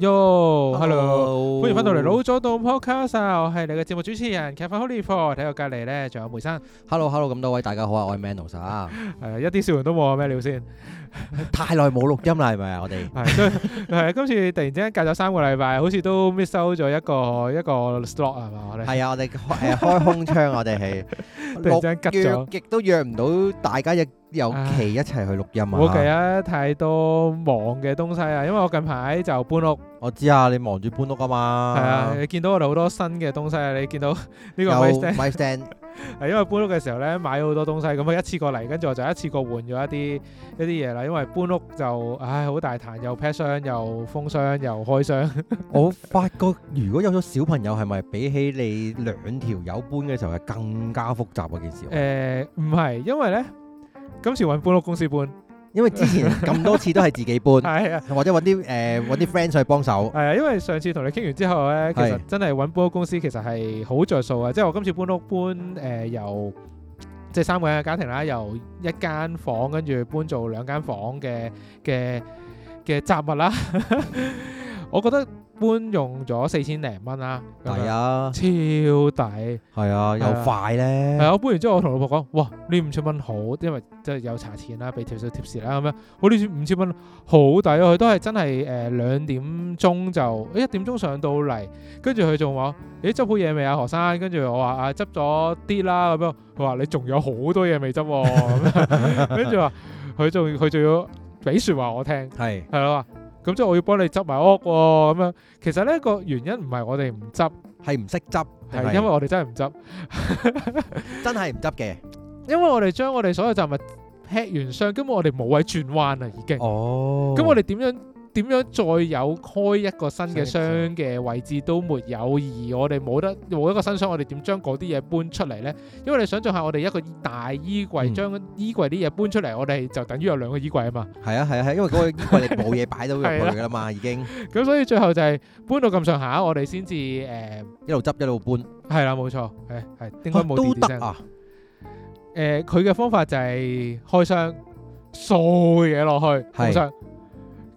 喲，hello，歡迎翻到嚟老左道 podcast 啊，我係你嘅節目主持人 Kevin Holyford，睇我隔籬咧，仲有梅生，hello hello，咁多位大家好啊，我係 Manos，係啊，一啲笑容都冇啊，咩料先？太耐冇錄音啦，係咪啊？我哋係係今次突然之間隔咗三個禮拜，好似都 miss 咗一個一個 slot 係嘛？我哋係啊，我哋誒開空窗，我哋係突然之間急咗，亦都約唔到大家一。有期一齊去錄音啊！冇期啊，太多忙嘅東西啊，因為我近排就搬屋。我知啊，你忙住搬屋啊嘛。係啊，你見到我哋好多新嘅東西啊！你見到呢個 my stand 係因為搬屋嘅時候咧買咗好多東西，咁我一次過嚟，跟住我就一次過換咗一啲一啲嘢啦。因為搬屋就唉好大壇，又拆箱，又封箱，又開箱。我發覺如果有咗小朋友，係咪比起你兩條友搬嘅時候係更加複雜嗰件事？誒唔係，因為咧。今次揾搬屋公司搬，因為之前咁多次都係自己搬，係 啊，或者揾啲誒揾啲 friend 去幫手，係 啊，因為上次同你傾完之後咧，其實真係揾搬屋公司其實係好着數啊！是即係我今次搬屋搬誒、呃、由即係三個人嘅家庭啦，由一間房跟住搬做兩間房嘅嘅嘅雜物啦， 我覺得。搬用咗四千零蚊啦，係啊，超抵，係啊，又快咧。係啊，搬完之後我同老婆講，哇，呢五千蚊好，因為即係有茶錢啦，俾條數貼士啦，咁樣，我呢五千蚊好抵，呃欸欸、啊，佢都係真係誒兩點鐘就一點鐘上到嚟，跟住佢仲話，你執好嘢未啊，何生？跟住我話啊，執咗啲啦，咁樣。佢話你仲有好多嘢未執，跟住話佢仲佢仲要俾說話我聽，係係咯。咁即係我要幫你執埋屋喎、哦，咁樣其實呢個原因唔係我哋唔執，係唔識執，係因為我哋真係唔執， 真係唔執嘅。因為我哋將我哋所有雜物劈完箱，根本我哋冇位轉彎啦，已經。咁我哋點樣？點樣再有開一個新嘅箱嘅位置都沒有，而我哋冇得冇一個新箱，我哋點將嗰啲嘢搬出嚟呢？因為你想像下，我哋一個大衣櫃，將衣櫃啲嘢搬出嚟，嗯、我哋就等於有兩個衣櫃啊嘛。係啊係啊，因為嗰個衣櫃你冇嘢擺到入去噶嘛，已經。咁 所以最後就係搬到咁上下，我哋先至誒一路執一路搬。係啦、啊，冇錯，係係、啊啊、應該冇都得啊。誒、呃，佢嘅方法就係開箱，掃嘢落去，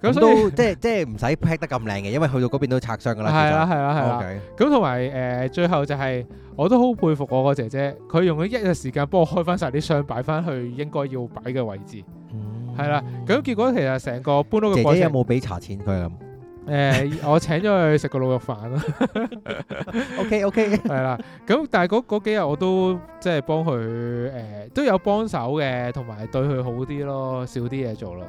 咁都即係即係唔使 pack 得咁靚嘅，因為去到嗰邊都拆箱噶啦。係啦係啦係啦。咁同埋誒，最後就係、是、我都好佩服我個姐姐，佢用咗一日時間幫我開翻曬啲箱，擺翻去應該要擺嘅位置。係啦、嗯、咁、啊、結果其實成個搬屋嘅過程，姐姐有冇俾茶錢佢咁誒，呃、 我請咗佢食個滷肉飯咯。 OK OK、啊。係啦，咁但係嗰嗰幾日我都即係幫佢誒，都有幫手嘅，同埋對佢好啲咯，少啲嘢做咯。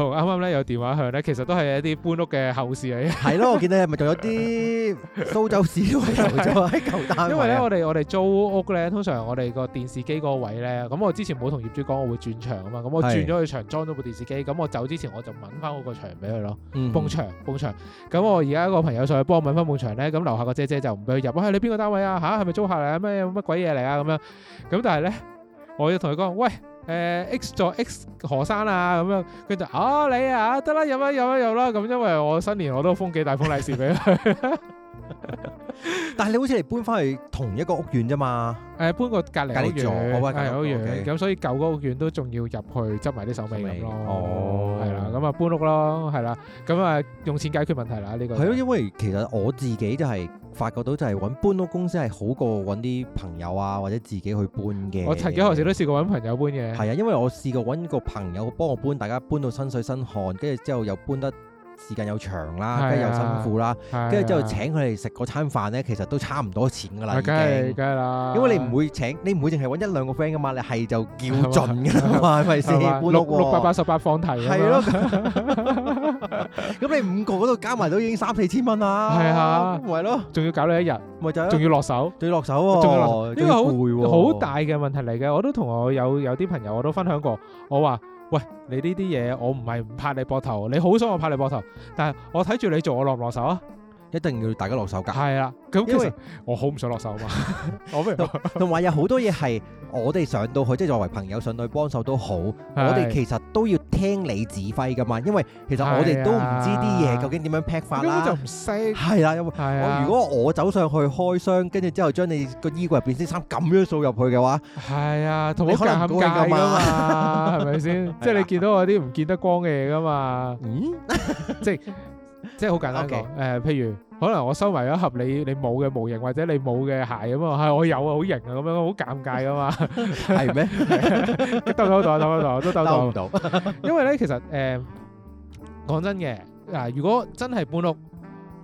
啱啱咧有電話響咧，其實都係一啲搬屋嘅後事嚟。係咯，我見到咪仲有啲蘇州市嘅樓就喺舊單位。因為咧我哋我哋租屋咧，通常我哋個電視機嗰個位咧，咁我之前冇同業主講我會轉牆啊嘛，咁我轉咗去牆裝咗部電視機，咁我走之前我就揾翻、嗯、我個牆俾佢咯，崩牆崩牆。咁我而家一個朋友上去幫我揾翻崩牆咧，咁樓下個姐姐就唔俾佢入啊！你邊個單位啊？吓？係咪租客嚟啊？咩乜鬼嘢嚟啊？咁樣。咁但係咧，我要同佢講喂。誒、呃、X 座 X 何生啊，咁樣。佢就哦，你啊得啦，飲啦飲啦飲啦，咁、啊啊啊、因為我新年我都封幾大封利是俾佢。 但係你好似嚟搬翻去同一個屋苑啫嘛、呃，誒搬個隔籬屋，隔籬屋咁 okay 所以舊嗰個屋苑都仲要入去執埋啲手尾咁咯，哦係啦，咁啊搬屋咯，係啦，咁啊用錢解決問題啦呢、這個係、就、咯、是，因為其實我自己就係發覺到就係搵搬屋公司係好過搵啲朋友啊或者自己去搬嘅，我曾幾何時都試過搵朋友搬嘅，係啊，因為我試過搵個朋友幫我搬，大家搬到身水身汗，跟住之後又搬得。時間又長啦，跟住又辛苦啦，跟住之後請佢哋食嗰餐飯咧，其實都差唔多錢㗎啦，已梗啦。因為你唔會請，你唔會淨係揾一兩個 friend 㗎嘛，你係就叫盡㗎嘛，係咪先？六六百八十八方題。係咯。咁你五個嗰度加埋都已經三四千蚊啦。係啊。咪咯。仲要搞你一日，咪就仲要落手，仲要落手喎。呢個好好大嘅問題嚟嘅，我都同我有有啲朋友我都分享過，我話。喂，你呢啲嘢我唔係唔拍你膊頭，你好想我拍你膊頭，但係我睇住你做我下下，我落唔落手啊？一定要大家落手噶，係啦，咁因為我好唔想落手嘛，同埋有好多嘢係我哋上到去，即係作為朋友上到去幫手都好，我哋其實都要聽你指揮噶嘛，因為其實我哋都唔知啲嘢究竟點樣劈法啦，就唔識，係啦，因為我如果我走上去開箱，跟住之後將你個衣櫃入邊啲衫咁樣掃入去嘅話，係啊，同你尷尬啊嘛，係咪先？即係你見到我啲唔見得光嘅嘢噶嘛，嗯，即係。即係好簡單講，誒 Okay.、呃，譬如可能我收埋一盒你你冇嘅模型或者你冇嘅鞋咁啊，係我有啊，好型啊，咁樣好尷尬噶嘛，係咩 是嗎？抖抖抖啊，抖抖抖，都抖唔到。 因為咧，其實誒，講、呃、真嘅，嗱、呃，如果真係搬屋，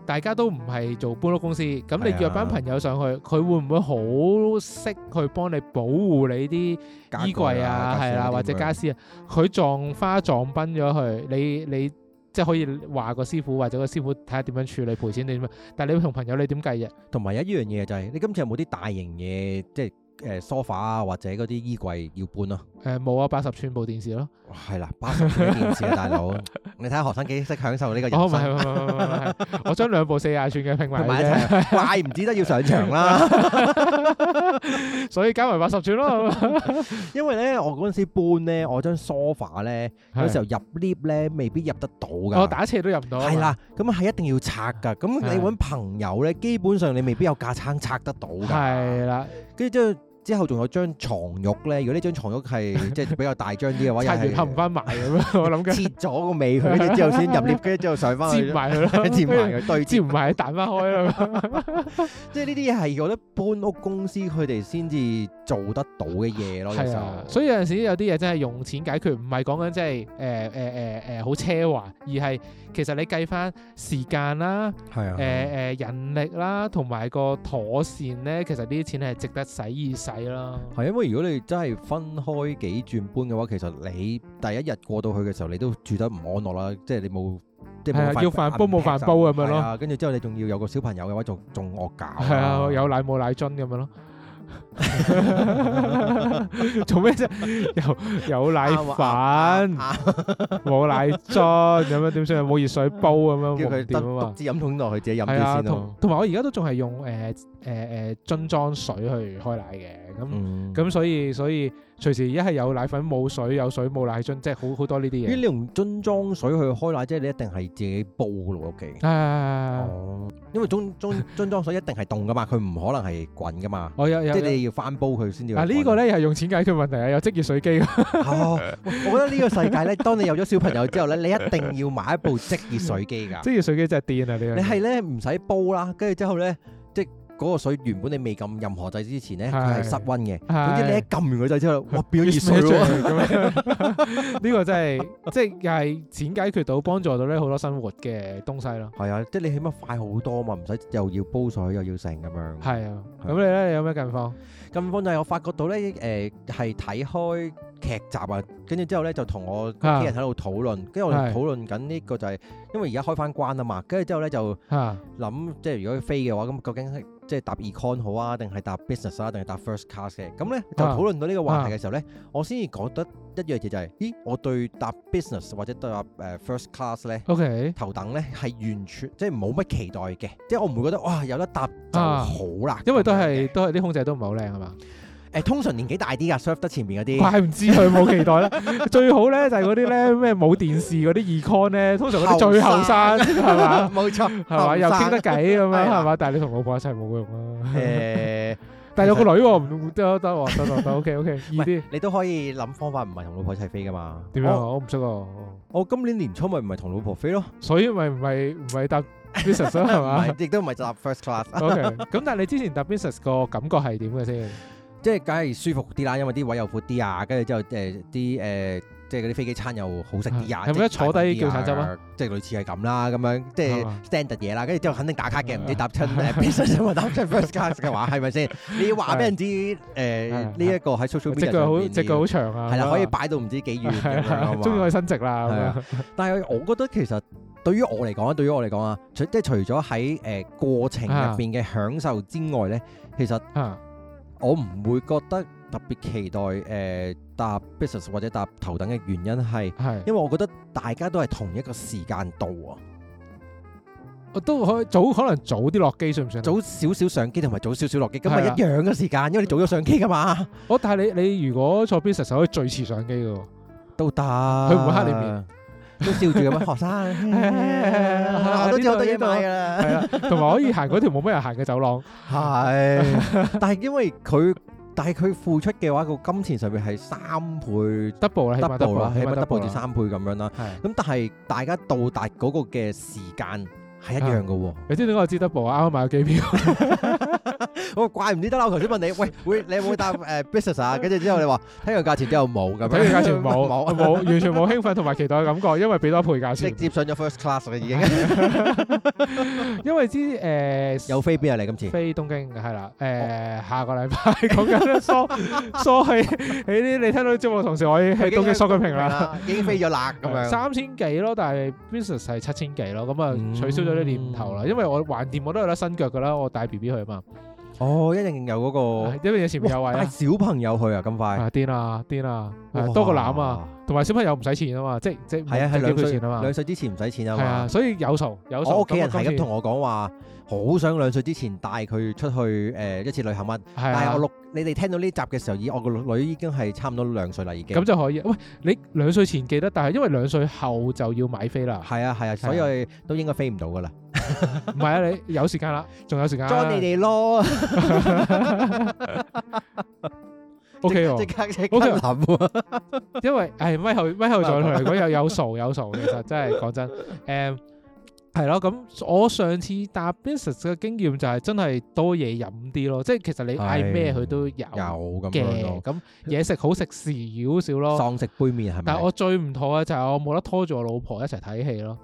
大家都唔係做搬屋公司，咁你約班朋友上去，佢、啊、會唔會好識去幫你保護你啲衣櫃啊，係啦、啊，或者家私啊？佢撞花撞崩咗佢，你你。你你你即係可以話個師傅，或者個師傅睇下點樣處理，賠錢點啊！但係你同朋友你點計嘅？同埋一樣嘢就係、是，你今次有冇啲大型嘢？即係。誒 sofa、呃、啊，或者嗰啲衣櫃要搬咯。誒冇啊，八十寸部電視咯。係啦，八十寸電視啊，大佬。你睇下學生幾識享受呢個人生。哦、 我將兩部四十寸嘅拼埋埋一齊，怪唔之得要上場啦。 所以加埋八十寸咯。 因為咧，我嗰陣時搬咧，我張 sofa 咧嗰時候入 lift 咧，未必入得到㗎、哦。我打斜都入唔到。係啦，咁啊係一定要拆㗎。咁 你揾朋友咧，基本上你未必有架撐拆得到㗎。係啦，跟住之之後仲有張床褥咧，如果呢張床褥係即係比較大張啲嘅話，又係冚唔翻埋咁啊！我諗切咗個尾佢，之後先入 𨋢，跟住之後上翻，折埋佢咯，折埋佢對折，折唔埋彈翻開啦！即係呢啲嘢係我覺得搬屋公司佢哋先至做得到嘅嘢咯，其 啊！所以有陣時有啲嘢真係用錢解決，唔係講緊即係誒誒誒誒好奢華，而係其實你計翻時間啦，係啊，誒誒、呃、人力啦，同埋個妥善咧，其實呢啲錢係值得使。係啦，係因為如果你真係分開幾轉搬嘅話，其實你第一日過到去嘅時候，你都住得唔安樂啦，即係你冇即係叫飯煲冇飯煲咁樣咯。跟住之後你仲要有個小朋友嘅話，仲仲惡搞。係啊，有奶冇奶樽咁樣咯。 做咩啫？有有奶粉冇奶樽咁樣點算啊？冇、啊、熱水煲咁樣，叫佢得獨自飲桶落去，啊、自己飲住先同同埋我而家都仲係用誒。呃誒誒樽裝水去開奶嘅，咁咁、嗯、所以所以隨時一係有奶粉冇水，有水冇奶樽，即係好好多呢啲嘢。你用樽裝水去開奶，即係你一定係自己煲嘅喎屋企。啊哦、因為樽樽樽裝水一定係凍噶嘛，佢唔可能係滾噶嘛。即係你要翻煲佢先至。啊這個、呢個咧係用錢解決問題啊！有即熱水機。係、 哦、我覺得呢個世界咧， 當你有咗小朋友之後咧，你一定要買一部即熱水機㗎。即熱水機真係癲啊！你係咧唔使煲啦，跟住之後咧即。嗰個水原本你未撳任何掣之前咧，佢係室溫嘅。係。總之你一撳完個掣之後，哇變咗熱水喎！咁樣呢個真係即係又係錢解決到幫助到咧好多生活嘅東西咯。係啊，即係你起碼快好多嘛，唔使又要煲水又要成咁樣。係啊，咁，啊，你咧你有咩近況？近況就係我發覺到咧，誒係睇開劇集啊，跟住之後咧就同我啲人喺度討論，跟住我哋討論緊呢個就係、是、因為而家開翻關啊嘛，跟住之後咧就諗即係如果要飛嘅話，咁究竟即係搭 econ 好啊，定係搭 business 啊，定係搭 first class 嘅？咁咧就討論到呢個話題嘅時候咧，啊、我先至覺得一樣嘢就係、是，咦，我對搭 business 或者對搭誒 first class 咧，頭等咧係完全 okay，即係冇乜期待嘅，即係我唔會覺得哇有得搭就好啦，啊、因為都係都係啲空姐都唔係好靚啊嘛。嗯誒，通常年紀大啲噶，serve 得前面嗰啲。怪唔知佢冇期待啦。最好咧就係嗰啲咧咩冇電視嗰啲 econ 咧，通常嗰啲最後生，係嘛？冇錯，係嘛？又傾得偈咁樣，係嘛？但係你同老婆一齊冇用啊。誒，但係有個女喎，唔得得得得得 OK OK。唔係，你都可以諗方法，唔係同老婆一齊飛噶嘛？點樣啊？我唔識啊。我今年年初咪唔係同老婆飛咯，所以咪唔係唔係搭 business 係嘛？唔係，亦都唔係搭 first class。OK，咁但係你之前搭 business 個感覺係點嘅先？即係梗係舒服啲啦，因為啲位又闊啲啊，跟住之後誒啲誒，即係啲飛機餐又好食啲啊，係一坐低叫茶汁啊？即係類似係咁啦，咁樣即係 standard 嘢啦，跟住之後肯定打卡嘅，唔知搭親 business or 搭親 first class 嘅話，係咪先？你要話俾人知誒呢一個喺 social media 上面。隻腳好，隻腳好長啊！係啦，可以擺到唔知幾遠咁啊！終於可以伸直啦咁樣。但係我覺得其實對於我嚟講，對於我嚟講啊，除即係除咗喺誒過程入邊嘅享受之外咧，其實我唔會覺得特別期待誒搭 business 或者搭頭等嘅原因係，係因為我覺得大家都係同一個時間度啊。我都可以早可能早啲落機，算唔算？早少少上機同埋早少少落機，咁咪一樣嘅時間，因為你早咗上機㗎嘛。我但係你你如果坐 business 可以最遲上機㗎喎，都得。佢唔會黑你面。都笑住咁，學生我都知好多嘢買噶啦，同埋可以行嗰條冇咩人行嘅走廊。係，但係因為佢，但係佢付出嘅話，個金錢上面係三倍 double 啦，double 啦，起碼 double 住三倍咁樣啦。係，咁但係大家到達嗰個嘅時間係一樣嘅喎。你知唔知我知 double 啊？啱啱買咗機票。我怪唔知得啦！我頭先問你，喂，會你有冇搭誒 business 啊？跟住之後你話睇個價錢之後冇咁樣，睇個價錢冇冇冇完全冇興奮同埋期待嘅感覺，因為俾多倍價錢，直接上咗 first class 啦已經。因為啲誒有飛邊啊嚟今次？飛東京係啦，誒下個禮拜講緊縮縮起起啲，你聽到節目同時我喺東京收佢屏啦，已經飛咗喇咁樣。三千幾咯，但係 business 係七千幾咯，咁啊取消咗啲念頭啦，因為我橫掂，我都有得新腳噶啦，我帶 B B 去啊嘛。哦，一定有嗰個，因為以前有啊，帶小朋友去啊咁快，癲啊癲啦，多個攬啊，同埋小朋友唔使錢啊嘛，即即係兩歲之前唔使錢啊嘛，所以有數有數，我屋企人係咁同我講話。好想兩歲之前帶佢出去誒一次旅行啊！係啊，我錄你哋聽到呢集嘅時候，以我個女已經係差唔多兩歲啦，已經咁就可以。喂，你兩歲前記得，但係因為兩歲後就要買飛啦。係啊係啊，所以我都應該飛唔到㗎啦。唔係啊， 啊，你有時間啦，仲有時間。裝你哋咯。O K，即刻即因為誒，威、哎、後威後再嚟， 如果又有數有數，其實真係講真誒。Um, 係咯，咁我上次搭 business 嘅經驗就係真係多嘢飲啲咯，即係其實你嗌咩佢都有有，咁嘅、嗯，咁嘢食好食時少少咯。喪食杯麵係咪？是是但係我最唔妥嘅就係我冇得拖住我老婆一齊睇戲咯，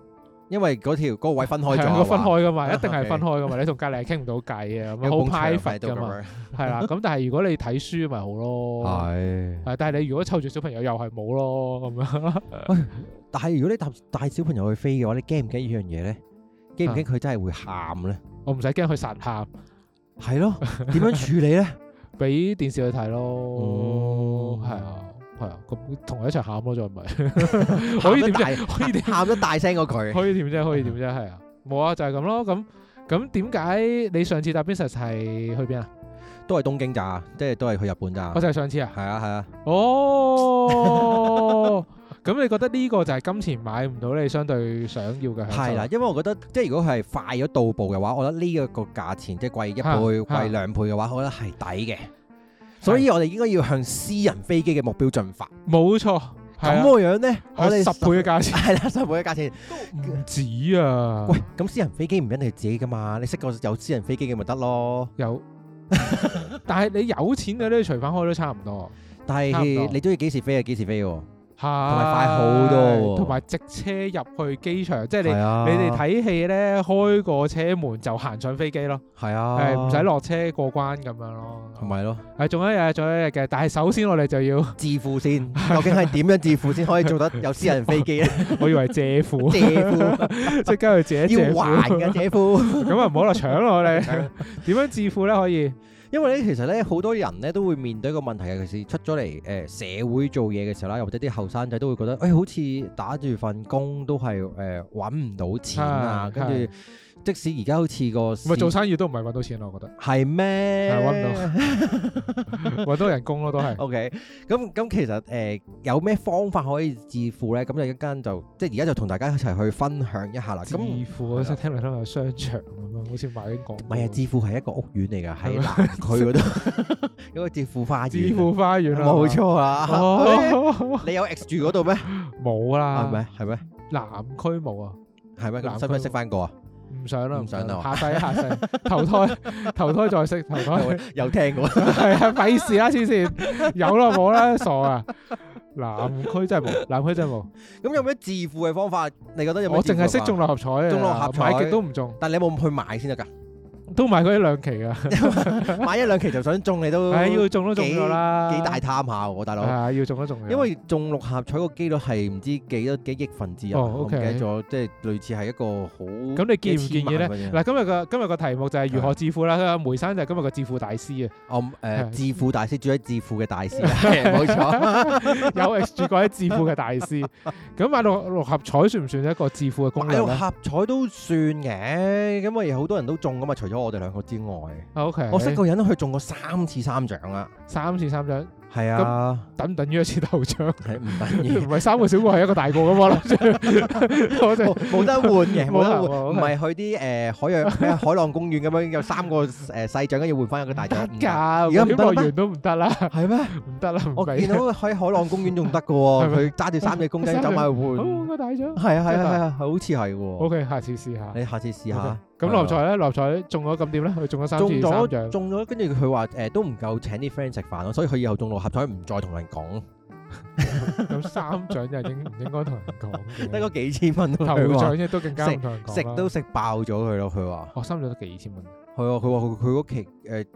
因為嗰條嗰、那個、位分開咗啊嘛。係、那個、分開㗎嘛，一定係分開㗎嘛，你同隔離傾唔到偈啊，好、okay. 派佛㗎嘛，係啦。咁 但係如果你睇書咪好咯，係， 但係你如果湊住小朋友又係冇咯咁樣。 但係如果你帶帶小朋友去飛嘅話，你驚唔驚呢樣嘢咧？驚唔驚佢真係會喊咧、啊？我唔使驚佢實喊，係咯？點樣處理咧？俾電視去睇咯。哦，係 irrel 啊，係啊。咁同佢一齊喊咯，再咪可以點啫？可以點喊得大聲過佢？可以點啫？可以點啫？係啊，冇啊，就係咁咯。咁咁點解你上次搭 business 係去邊啊？都係東京咋，即係都係去日本咋。我就係上次 啊。係啊係啊。哦。 咁你覺得呢個就係金錢買唔到你相對想要嘅係啦，因為我覺得即係如果係快咗到步嘅話，我覺得呢一個價錢即係貴一倍、貴兩倍嘅話，我覺得係抵嘅。所以我哋應該要向私人飛機嘅目標進發。冇錯，咁個樣咧，我哋十倍嘅價錢係啦，十倍嘅價錢都唔止啊！喂，咁私人飛機唔一定係自己噶嘛，你識個有私人飛機嘅咪得咯？有，但係你有錢嘅咧，隨翻開都差唔多。但係你中意幾時飛啊？幾時飛？同埋快好多，同埋直車入去機場，即係你是、啊、你哋睇戲咧，開個車門就行上飛機咯。係是啊，係唔使落車過關咁樣咯，同埋是咯。係仲有一日，仲有一日嘅，但係首先我哋就要致富先。究竟係點樣致富先可以做得有私人飛機咧？ 我以為借富， 借富即係跟住借借要還嘅借富。咁啊，唔好啦，搶我哋。點樣致富咧可以？因為咧，其實咧，好多人咧都會面對一個問題，尤其係出咗嚟誒社會做嘢嘅時候啦，又或者啲後生仔都會覺得，誒、哎、好似打住份工都係誒搵唔到錢啊，跟住然後。即使而家好似個，唔係做生意都唔係揾到錢，我覺得係咩？係揾唔到，揾到人工咯，都係。OK，咁咁其實誒有咩方法可以致富咧？咁有一間就即係而家就同大家一齊去分享一下啦。致富啊！即係聽嚟聽去商場咁樣，好似買啲講。唔係啊！致富係一個屋苑嚟㗎，係南區嗰度一個致富花園。致富花園啊！冇錯啊！你有 X 住嗰度咩？冇啦，係咪？係咩？南區冇啊？係咩？識唔識識翻個啊？唔想啦，唔想啦，下世下世， 投胎投胎再食投胎， 有聽過喎，係 啊，費事啦黐線，有啦，冇啦，傻啊！南區真係冇，南區真係冇。咁 有咩致富嘅方法？你覺得有冇？我淨係識中六合彩，買極都唔中。但你有冇咁去買先得㗎？都買過一兩期噶，買一兩期就想中你都，誒要中都中咗啦，幾大貪下喎，大佬，要中都中咗。因為中六合彩個機率係唔知幾多幾億分之一，唔記得咗，即係類似係一個好幾千萬蚊嘅嘢。咁你建唔建議呢？嗱今日個今日個題目就係如何致富啦，梅生就係今日個致富大師啊。我誒致富大師，主要致富嘅大師，冇錯，有誒主要係致富嘅大師。咁買到六合彩算唔算一個致富嘅工具咧？六合彩都算嘅，咁啊有好多人都中噶嘛，除咗我。我哋兩個之外，我識個人，都去中過三次三獎啦，三次三獎，係啊，等唔等於一次頭獎？係唔等於，唔係三個小個，係一個大個咁啊，冇得換嘅，冇得換，唔係去啲誒海洋、海浪公園咁樣有三個誒細獎，要換翻一個大獎，而家唔得咩？都唔得啦，係咩？唔得啦！我見到喺海浪公園仲唔得嘅，佢揸住三隻公仔走埋去換，好個大獎，係啊係啊係啊，好似係喎。O K，下次試下，你下次試下。咁六合彩咧，六合彩中咗咁點咧？佢中咗三中了三獎中咗，中咗，跟住佢話誒都唔夠請啲 friend 食飯咯，所以佢以後中六合彩唔再同人講 。有三獎就應唔 應該同人講？得個幾千蚊，頭獎啫食都更加唔同人講，食都食爆咗佢咯，佢話。哦，三獎都幾千蚊？係啊， 佢話佢佢屋企誒。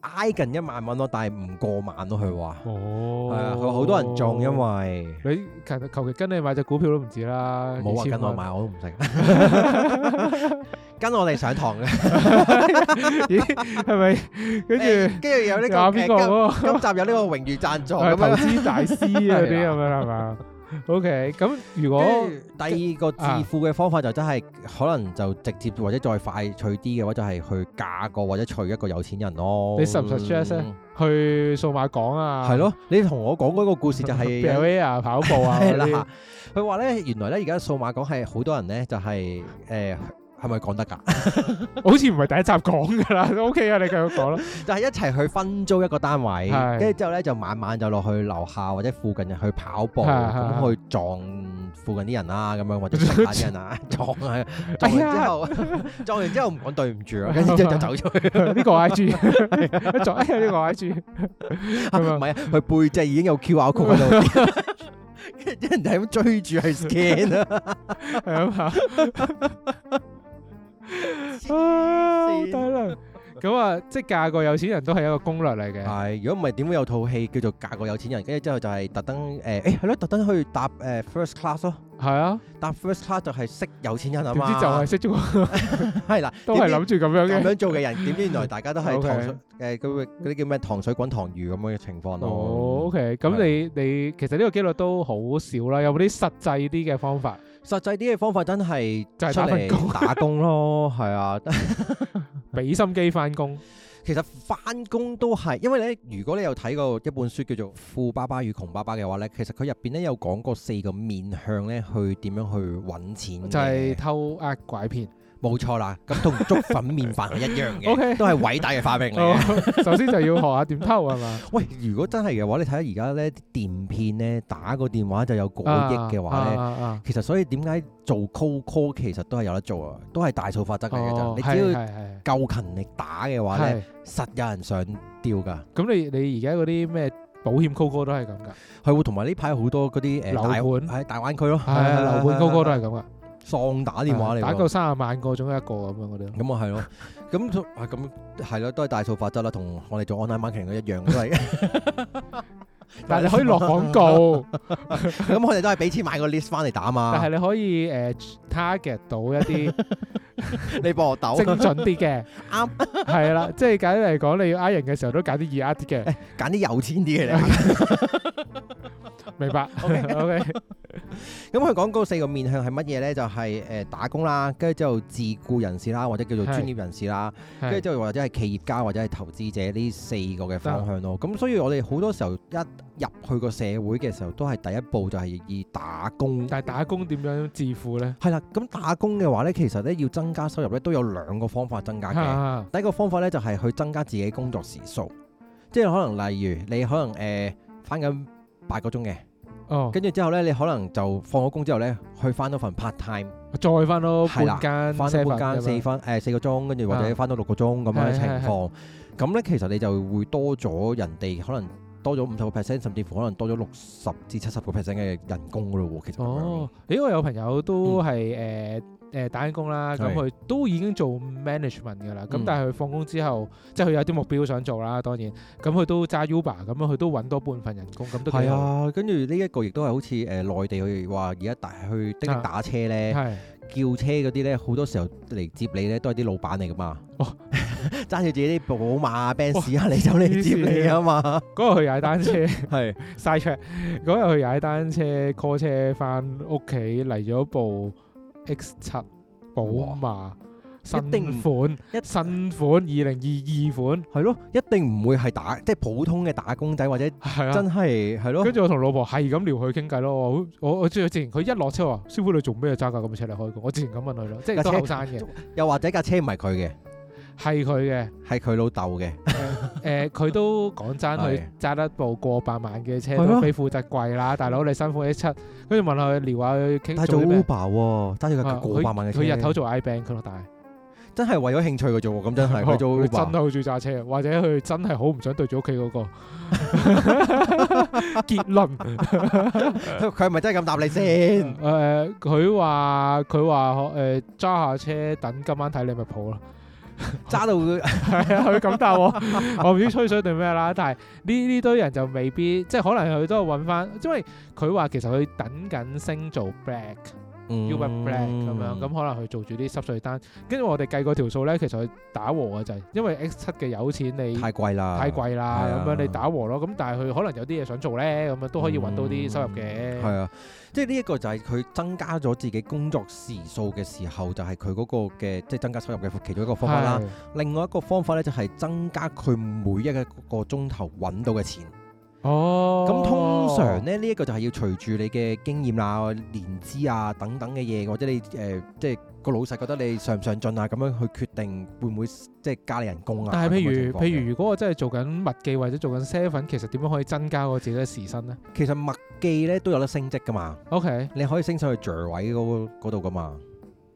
挨近一萬蚊咯，但係唔過萬咯，佢話。哦。係啊、哎，佢好多人中，因為你其實求其跟你買隻股票都唔止啦。冇話、啊、跟我買，我都唔識。 跟我哋上堂嘅。咦、 欸？係咪？跟住跟住有呢、邊個嘅今，今集有呢個榮譽贊助咁樣。投資大師嗰啲咁樣係嘛？ 吧 O K，咁如果第二個致富嘅方法就真、是、係、啊、可能就直接或者再快脆啲嘅話，就係去嫁個或者娶一個有錢人咯。你實唔實 suggest 去數碼港啊？係咯，你同我講嗰個故事就係跑啊跑步啊嗰啲。 佢話咧，原來咧而家數碼港係好多人咧，就係、是、誒。呃係咪講得噶？ 好似唔係第一集講噶啦，都 OK 啊！你繼續講啦。 就係一齊去分租一個單位，跟住是之後咧就晚晚就落去樓下或者附近去跑步，咁去撞附近啲人啦、啊，咁樣或者啲人、啊、 人啊，撞啊！ 撞完之後，哎、呀 撞完之後唔講對唔住 啊，跟住之後就走咗去。呢個 I G， 撞呢個 I G，係咪啊，佢、這個 啊這個、背脊已經有 Q R code 啦，跟住 笑笑人就喺度追住去 scan 啊， 咁啊！好大啦！咁啊，即係嫁個有錢人都係一個攻略嚟嘅。係，如果唔係，點會有套戲叫做嫁個有錢人？跟住之後就係特登誒，誒係咯，特登去搭誒 first class 咯。係啊，搭 first class 就係識有錢人啊嘛。點知就係識咗？係啦，都係諗住咁樣咁樣做嘅人，點知原來大家都係塘水誒，嗰啲嗰啲叫咩？塘水滾塘魚咁樣嘅情況咯。哦，OK，咁你你其實呢個幾率都好少啦。有冇啲實際啲嘅方法？實際啲嘅方法真係就係出嚟 打工咯，係啊，俾 心機翻工。其實翻工都係，因為咧，如果你有睇過一本書叫做《富爸爸與窮爸爸》嘅話咧，其實佢入邊咧有講過四個面向咧，去點樣去揾錢，就係偷呃拐騙。冇錯啦，咁同粥粉麵飯係一樣嘅，都係偉大嘅發明。首先就要學下點偷係嘛？喂，如果真係嘅話，你睇下而家咧啲電片咧打個電話就有過億嘅話咧，其實所以點解做 call call 其實都係有得做啊，都係大數法則嚟嘅啫，你只要夠勤力打嘅話咧，實有人想調㗎。咁你你而家嗰啲咩保險 call call 都係咁㗎？佢會同埋呢排好多嗰啲誒樓盤喺大灣區咯，係係樓盤 call call 都係咁啊。喪打電話嚟，打夠三十萬個總有一個咁樣，我哋咁啊係咯，咁係咁係咯，都係大數法則啦，同我哋做 online marketing 都一樣都係。但係你可以落廣告，咁我哋都係俾錢買個 list 翻嚟打啊嘛。但係你可以誒 target 到一啲你幫我鬥精準啲嘅，啱係啦，即係簡單嚟講，你要挨人嘅時候都揀啲易挨啲嘅，揀啲有錢啲嘅嚟。明白。O K。咁佢講嗰四個面向係乜嘢呢？就係、是、誒打工啦，跟住之後自僱人士啦，或者叫做專業人士啦，跟住之後或者係企業家或者係投資者，呢四個嘅方向咯。咁的所以我哋好多時候一入去個社會嘅時候，都係第一步就係以打工。但係打工點樣致富呢？係啦，咁打工嘅話呢，其實呢要增加收入呢，都有兩個方法增加嘅。的第一個方法呢，就係去增加自己工作時數，即係可能例如你可能誒返緊八個鐘嘅。呃哦，跟住之後咧，你可能就放咗工之後咧，去翻咗份 part time，再翻多半間，翻啦半間四分，誒、呃、四個鐘，跟住或者翻到六個鐘咁樣嘅、啊、情況，咁咧其實你就會多咗人哋可能。多咗五十個 percent，甚至乎可能多咗六十至七十個 percent 嘅人工噶咯喎，其實哦，咦，我有朋友都係誒誒打緊工啦，咁佢是都已經做 management 噶啦，咁、嗯、但係佢放工之後，即係佢有啲目標想做啦，當然，咁佢都揸 Uber，咁樣佢都揾多半份人工，咁都係啊，跟住呢一個亦都係好似誒、呃、內地去話而家大去滴滴打車咧，是叫車嗰啲咧，好多時候嚟接你咧，都係啲老闆嚟噶嘛。哦 揸住自己啲寶馬、奔馳啊嚟就嚟接你啊嘛！嗰日去踩單車，係晒場。嗰日去踩單車，call 車返屋企嚟咗部 X 七寶馬，新款，新款二零二二款，係咯，一定唔會係打，即係普通嘅打工仔或者係真係係咯。跟住我同老婆係咁撩佢傾偈咯。我我我之前佢一落車話：師傅你做咩揸架咁嘅車嚟開工？我之前咁問佢咯，即係都後生嘅，又或者架車唔係佢嘅。係佢嘅，係佢老豆嘅。誒，佢、 呃呃、都講真，佢揸得部過百萬嘅車都非富則貴啦，對大佬你辛苦啲出，跟住問下佢撩下佢傾偈。佢做揸過百萬嘅車佢、嗯、日頭做 iBank 佢老，但係真係為咗興趣佢做，咁真係佢做。佢真係好中意揸車，或者佢真係好唔想對住屋企嗰個結論，佢係咪真係咁答你先？誒、嗯，佢話佢話誒揸下車等今晚睇你咪抱咯。揸到佢係 啊，佢咁答我， 我唔知吹水定咩啦。但係呢呢堆人就未必，即係可能佢都係揾翻，因為佢話其實佢等緊星做 back。u、um, b Black 咁樣，咁可能佢做住啲濕碎單，跟住我哋計個條數呢，其實佢打和嘅就係，因為 X 七嘅有錢你太貴啦，太貴啦，咁、啊、樣你打和咯。咁但係佢可能有啲嘢想做呢，咁樣都可以揾到啲收入嘅。係、嗯、啊，即係呢一個就係佢增加咗自己工作時數嘅時候，就係佢嗰個嘅即係增加收入嘅其中一個方法啦。啊、另外一個方法呢，就係增加佢每一個個鐘頭揾到嘅錢。哦，咁通常咧呢一個就係要隨住你嘅經驗啊、年資啊等等嘅嘢，或者你誒、呃、即係個老細覺得你上唔上進啊，咁樣去決定會唔會即係加你人工啊。但係譬如譬如如果我真係做緊麥記或者做緊 seven，其實點樣可以增加我自己嘅時薪呢？其實麥記咧都有得升職噶嘛。OK，你可以升上去 sir 位嗰度噶嘛。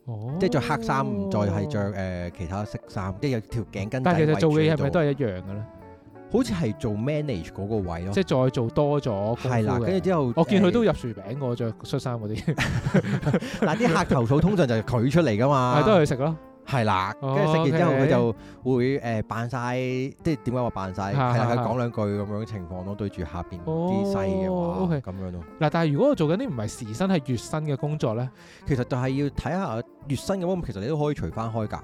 哦，即係著黑衫，唔再係着誒其他色衫，即係有條頸巾。但係其實做嘢係咪都係一樣嘅咧？好似係做 manage 嗰個位咯，即係再做多咗，係啦。跟住之後，我見佢都入薯餅我着恤衫嗰啲。嗱啲客頭草通常就係佢出嚟噶嘛，係都係去食咯。係啦，跟住食完之後佢就會誒扮晒，即係點解話扮晒？係啦，佢講兩句咁樣嘅情況咯，對住下邊啲細嘅話咁樣咯。嗱，但係如果我做緊啲唔係時薪係月薪嘅工作咧，其實就係要睇下月薪咁，其實你都可以除翻開㗎。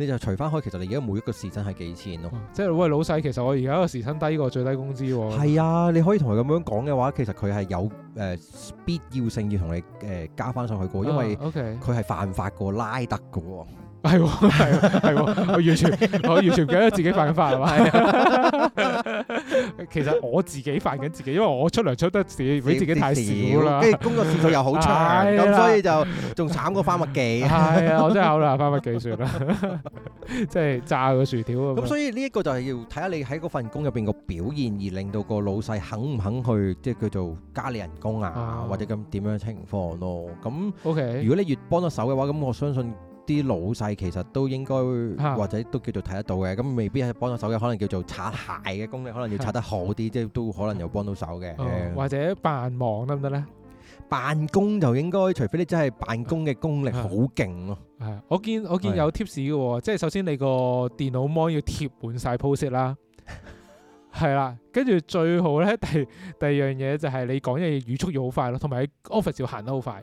你就除翻開，其實你而家每一個時薪係幾錢咯、嗯。即係，喂老細，其實我而家個時薪低過最低工資喎。係啊、嗯，你可以同佢咁樣講嘅話，其實佢係有誒、呃、必要性要同你誒、呃、加翻上去個，因為佢係犯法個拉得個。係喎係喎係喎，我完全我完全唔記得自己犯法係咪 其實我自己煩緊自己，因為我出糧出得自己俾自己太少啦，跟住 工作時數又好差。咁 所以就仲慘過翻麥記。係啊，我真係好難翻麥記算啦，即係炸個薯條啊！咁所以呢一個就係要睇下你喺嗰份工入邊個表現，而令到個老細肯唔肯去，即係叫做加你人工啊，啊或者咁點樣，樣情況咯、啊。咁，如果你越幫到手嘅話，咁我相信。啲老細其實都應該或者都叫做睇得到嘅，咁、啊、未必係幫到手嘅，可能叫做擦鞋嘅功力，可能要擦得好啲，啊、即係都可能有幫到手嘅、哦。或者扮忙得唔得呢？行行辦公就應該，除非你真係辦公嘅功力好勁咯。我見我見有 tips 嘅喎，是即係首先你個電腦 mon 要貼滿晒 post 啦，係啦， 跟住最好咧，第二第二樣嘢就係你講嘢語速要好快咯，同埋喺 office 要行得好快。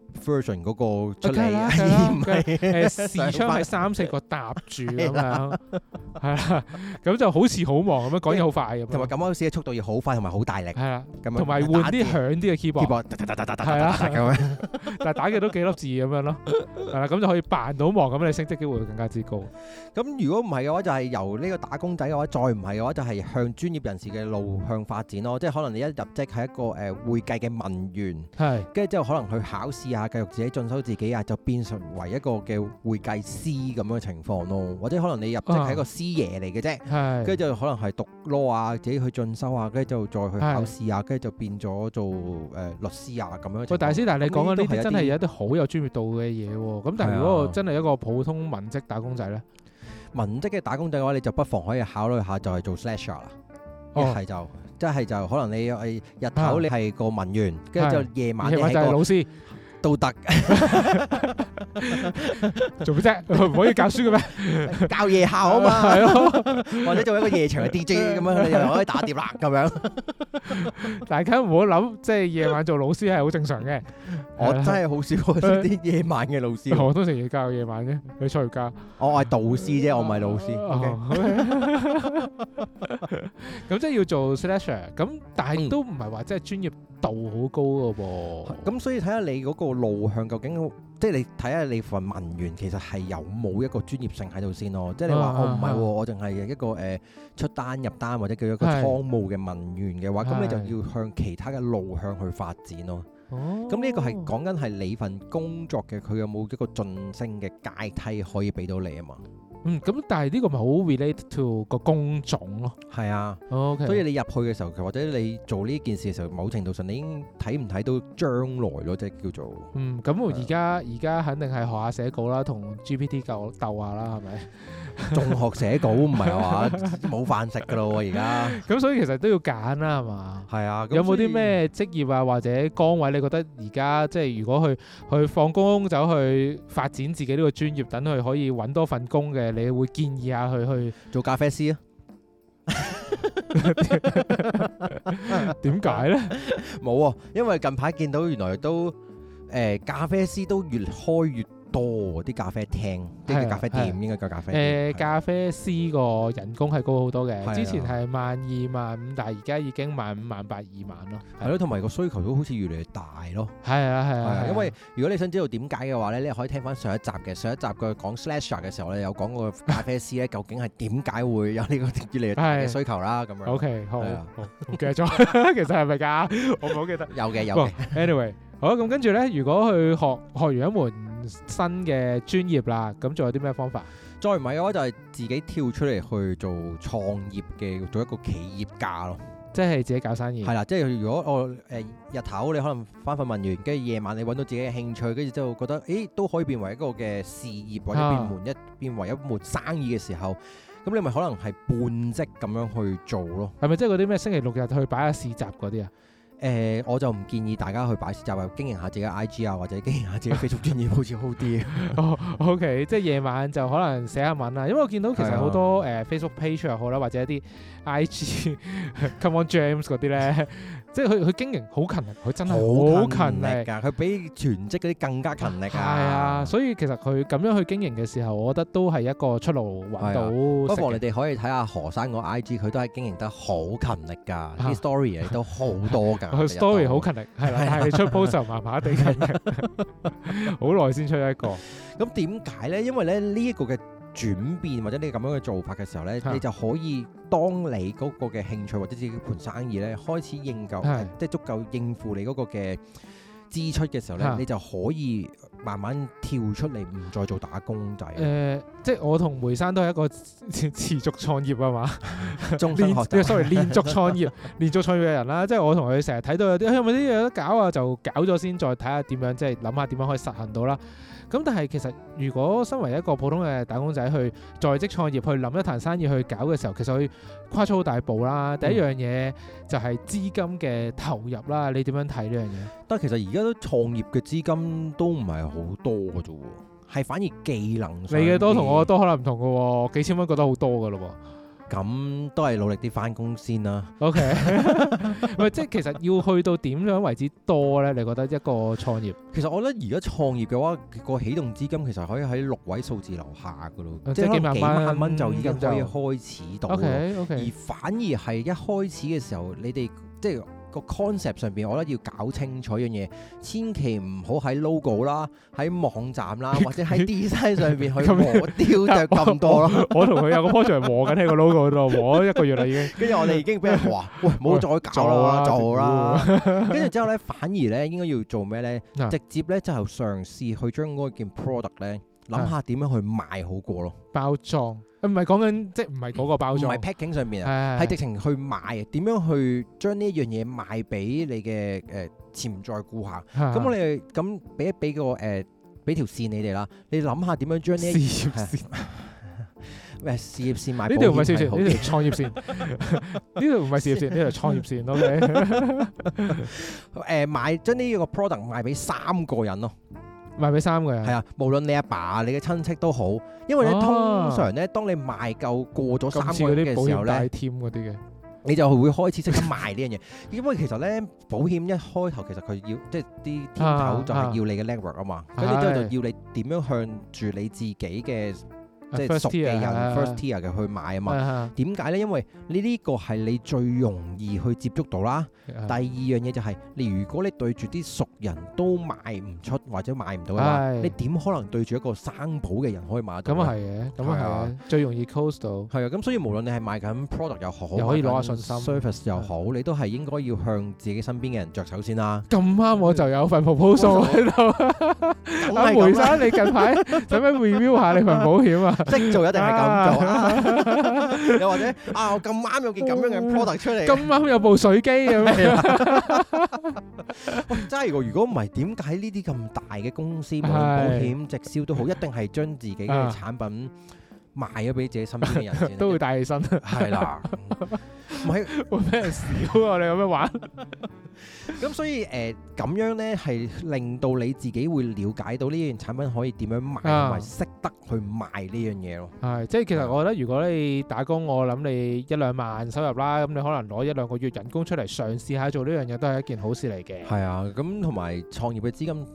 version 嗰個出嚟，誒視窗係三四個搭住咁樣，係啦，咁就好似好忙咁樣，講嘢好快咁。同埋咁開嘅速度要好快，同埋好大力，係啦，同埋換啲響啲嘅 keyboard 咁樣。但係打嘅都幾粒字咁樣咯，係啦，咁就可以扮到忙咁你升職機會會更加之高。咁如果唔係嘅話，就係由呢個打工仔嘅話，再唔係嘅話，就係向專業人士嘅路向發展咯。即係可能你一入職係一個誒會計嘅文員，係，跟住之後可能去考試啊。啊！繼續自己進修自己啊，就變成為一個嘅會計師咁樣嘅情況咯，或者可能你入職係一個師爺嚟嘅啫，跟住就可能係讀 law 啊，自己去進修啊，跟住就再去考試啊，跟住就變咗做誒律師啊咁樣。喂，大師，但係你講緊呢啲真係有一啲好有專業度嘅嘢喎。咁但係如果真係一個普通文職打工仔咧、啊，文職嘅打工仔嘅話，你就不妨可以考慮下就係做 slasher 啦。一係、哦、就，一係就可能你日頭你係個文員，跟住、啊、就夜晚你係個、啊、就老師。都得， 做咩啫？唔可以教書嘅咩？教夜校啊嘛，嗯哦、或者做一個夜場嘅 DJ 咁樣，又可以打碟啦咁樣。大家唔好諗，即係夜晚做老師係好正常嘅。我真係好少啲夜晚嘅老師，嗯、我都成日教夜晚啫，佢出去教。哦、我係導師啫，我唔係老師，咁即係要做 slasher，咁但係都唔係話即係專業度好高嘅噃。咁、嗯、所以睇下你嗰、嗰個。個路向究竟，即係你睇下你份文員其實係有冇一個專業性喺度先咯。即係你話我唔係喎，我淨係一個誒出單入單或者叫一個倉務嘅文員嘅話，咁是你就要向其他嘅路向去發展咯。咁呢一個係講緊係你份工作嘅佢有冇一個晉升嘅階梯可以俾到你啊嘛？嗯，咁但係呢個咪好 relate to 個工種咯，係啊，OK。所以你入去嘅時候，或者你做呢件事嘅時候，某程度上你已經睇唔睇到將來咯，即係叫做嗯。咁我而家而家肯定係學下寫稿啦，同 GPT 鬥鬥下啦，係咪？ 中學寫稿唔係話冇飯食噶咯，而家咁，所以其實都要揀啦，係嘛？係啊，有冇啲咩職業啊或者崗位，你覺得而家即係如果去去放工走去發展自己呢個專業，等佢可以搵多份工嘅，你會建議下佢去做咖啡師啊？點解呢？冇啊，因為近排見到原來都誒咖啡師都越開越。多啲咖啡廳，啲咖啡店，應該叫咖啡。誒，咖啡師個人工係高好多嘅。之前係萬二萬五，但係而家已經萬五萬八二萬咯。係咯，同埋個需求都好似越嚟越大咯。係啊，係啊，因為如果你想知道點解嘅話咧，你可以聽翻上一集嘅。上一集佢講 slasher 嘅時候咧，有講過咖啡師咧究竟係點解會有呢個越嚟越大嘅需求啦咁樣。O K，好，唔記得咗，其實係咪噶？我唔好記得。有嘅有嘅，Anyway。好，咁跟住咧，如果去學學完一門新嘅專業啦，咁仲有啲咩方法？再唔係，我就係、是、自己跳出嚟去做創業嘅，做一個企業家咯。即係自己搞生意。係啦，即係如果我誒、呃、日頭你可能翻份文員，跟住夜晚你揾到自己嘅興趣，跟住之後就覺得誒都可以變為一個嘅事業或者變門一變為一門生意嘅時候，咁、啊、你咪可能係半職咁樣去做咯。係咪即係嗰啲咩星期六日去擺下市集嗰啲啊？誒、呃，我就唔建議大家去擺設入經營下自己 IG 啊，或者經營下自己嘅 Facebook 專頁 好似好啲。OK 即係夜晚就可能寫下文啊，因為我見到其實好多誒的、呃、Facebook page 又好啦，或者一啲 IG Come On James 嗰啲咧。 即係佢佢經營好勤力，佢真係好勤力㗎。佢比全職嗰啲更加勤力啊！係啊，所以其實佢咁樣去經營嘅時候，我覺得都係一個出路揾到。不妨你哋可以睇下何生個 IG，佢都係經營得好勤力㗎，啲 story 嘢都好多㗎。story 好勤力係啦，係出 post 又麻麻地嘅，好耐先出一個。咁點解咧？因為咧呢一個嘅。轉變或者你咁樣嘅做法嘅時候咧，的你就可以當你嗰個嘅興趣或者自己盤生意咧，開始應夠，的即係足夠應付你嗰個嘅支出嘅時候咧，的你就可以慢慢跳出嚟，唔再做打工仔。誒、呃，即係我同梅生都係一個持續創業啊嘛，仲即連 sorry 連續創業，連續 創業嘅人啦。即係我同佢成日睇到有啲，有冇啲嘢得搞啊，就搞咗先，再睇下點樣，即係諗下點樣可以實行到啦。咁但係其實，如果身為一個普通嘅打工仔去在職創業去諗一壇生意去搞嘅時候，其實佢跨出好大步啦。第一樣嘢就係資金嘅投入啦。你點樣睇呢樣嘢？但係其實而家都創業嘅資金都唔係好多㗎啫喎，係反而技能。你嘅多同我嘅多可能唔同㗎喎，幾千蚊覺得好多㗎嘞喎。咁都係努力啲返工先啦。O K，唔即係其實要去到點樣為止多咧？ 你覺得一個創業，其實我覺得而家創業嘅話，個起動資金其實可以喺六位數字樓下噶咯，嗯、即係幾，幾萬蚊就已經可以開始到。嗯、okay, okay. 而反而係一開始嘅時候，你哋即係。個 concept 上邊，我覺得要搞清楚一樣嘢，千祈唔好喺 logo 啦、喺網站啦，或者喺 design 上邊去磨雕琢咁多咯。我同佢有個 project 磨緊喺個 logo 度，磨咗 一個月啦已經。跟住我哋已經俾人話， 喂，唔好再搞啦， 做啦。跟住 之後咧，反而咧應該要做咩咧？ 直接咧就嘗試去將嗰件 product 咧，諗下點樣去賣好過咯。包裝。唔係講緊即係唔係嗰個包裝，唔係 packing 上面啊，係直情去賣，點樣去將呢、呃、的一樣嘢賣俾你嘅誒潛在顧客？咁我哋咁俾一俾個誒俾條線你哋啦，你諗下點樣將呢？事業線，咩 事業線賣？呢條唔係事業線，創 業線。呢條唔係事業線，呢條創業線。OK，誒， 買將呢個 product 賣俾三個人咯。賣俾三個人，係啊，無論你阿爸，爸、你嘅親戚都好，因為咧通常咧，啊、當你賣夠過咗三個月嘅時候咧，你就會開始識得賣呢樣嘢。 因為其實咧，保險一開頭其實佢要即係啲添頭就係要你嘅 lever 啊嘛，咁然、啊啊、之後就要你點樣向住你自己嘅。即係熟嘅人，first tier 嘅去買啊嘛。點解咧？因為你呢個係你最容易去接觸到啦。第二樣嘢就係，你如果你對住啲熟人都賣唔出或者賣唔到嘅話，你點可能對住一個生保嘅人可以賣到咧？咁啊係嘅，咁啊係啊，最容易 close 到。係啊，咁所以無論你係賣緊 product 又好，又可以攞下信心；service 又好，你都係應該要向自己身邊嘅人着手先啦。咁啱，我就有份 proposal 喺度。阿梅生，你近排使唔使 review 下你份保險啊？即做一定係咁做，又、啊啊、或者 啊，咁啱有件咁樣嘅 product 出嚟，咁啱、嗯、有部水機咁樣。真係喎， 如果唔係，點解呢啲咁大嘅公司賣的保險直銷都好，一定係將自己嘅產品？啊賣咗俾自己身邊嘅人，都會帶起身。係啦，唔係會俾人笑啊！你咁樣玩。咁所以，誒咁樣咧，係令到你自己會瞭解到呢件產品可以點樣賣，同埋識得去賣呢樣嘢咯。係，即係其實我覺得，如果你打工，我諗你一兩萬收入啦，咁你可能攞一兩個月人工出嚟嘗試下做呢樣嘢，都係一件好事嚟嘅。係啊，咁同埋創業嘅資金。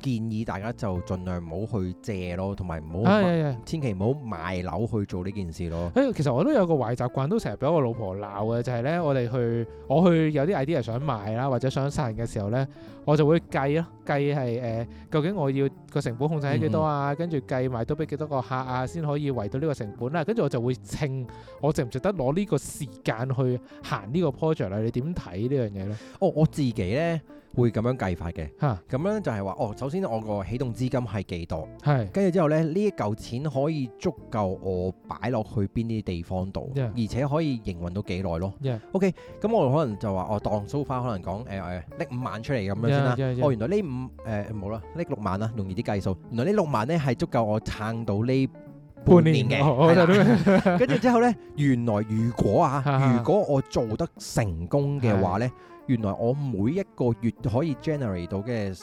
建議大家就盡量唔好去借咯，同埋唔好千祈唔好賣樓去做呢件事咯。誒，其實我都有個壞習慣，都成日俾我老婆鬧嘅，就係呢：我哋去，我去有啲 idea 想買啦，或者想散嘅時候呢，我就會計咯，計係誒、呃，究竟我要個成本控制喺幾多啊？跟住、嗯、計埋都俾幾多個客啊，先可以圍到呢個成本啦。跟住我就會稱我值唔值得攞呢個時間去行呢個 project 啊？你點睇呢樣嘢呢？哦，我自己呢。會咁樣計法嘅，咁咧就係話，哦，首先我個起動資金係幾多？係是，跟住之後咧，呢一嚿錢可以足夠我擺落去邊啲地方度，Yeah. 而且可以營運到幾耐咯。Yeah. OK，咁我可能就話，我、哦、當 show 翻可能講誒誒，搦、呃呃、五萬出嚟咁樣先啦。Yeah, yeah, yeah. 哦，原來呢五誒冇啦，拎、呃、六萬啦，容易啲計數。原來呢六萬咧係足夠我撐到呢半年嘅，跟住之後呢，原來如果啊， 如果我做得成功嘅話呢， 原來我每一個月可以 generate 到嘅。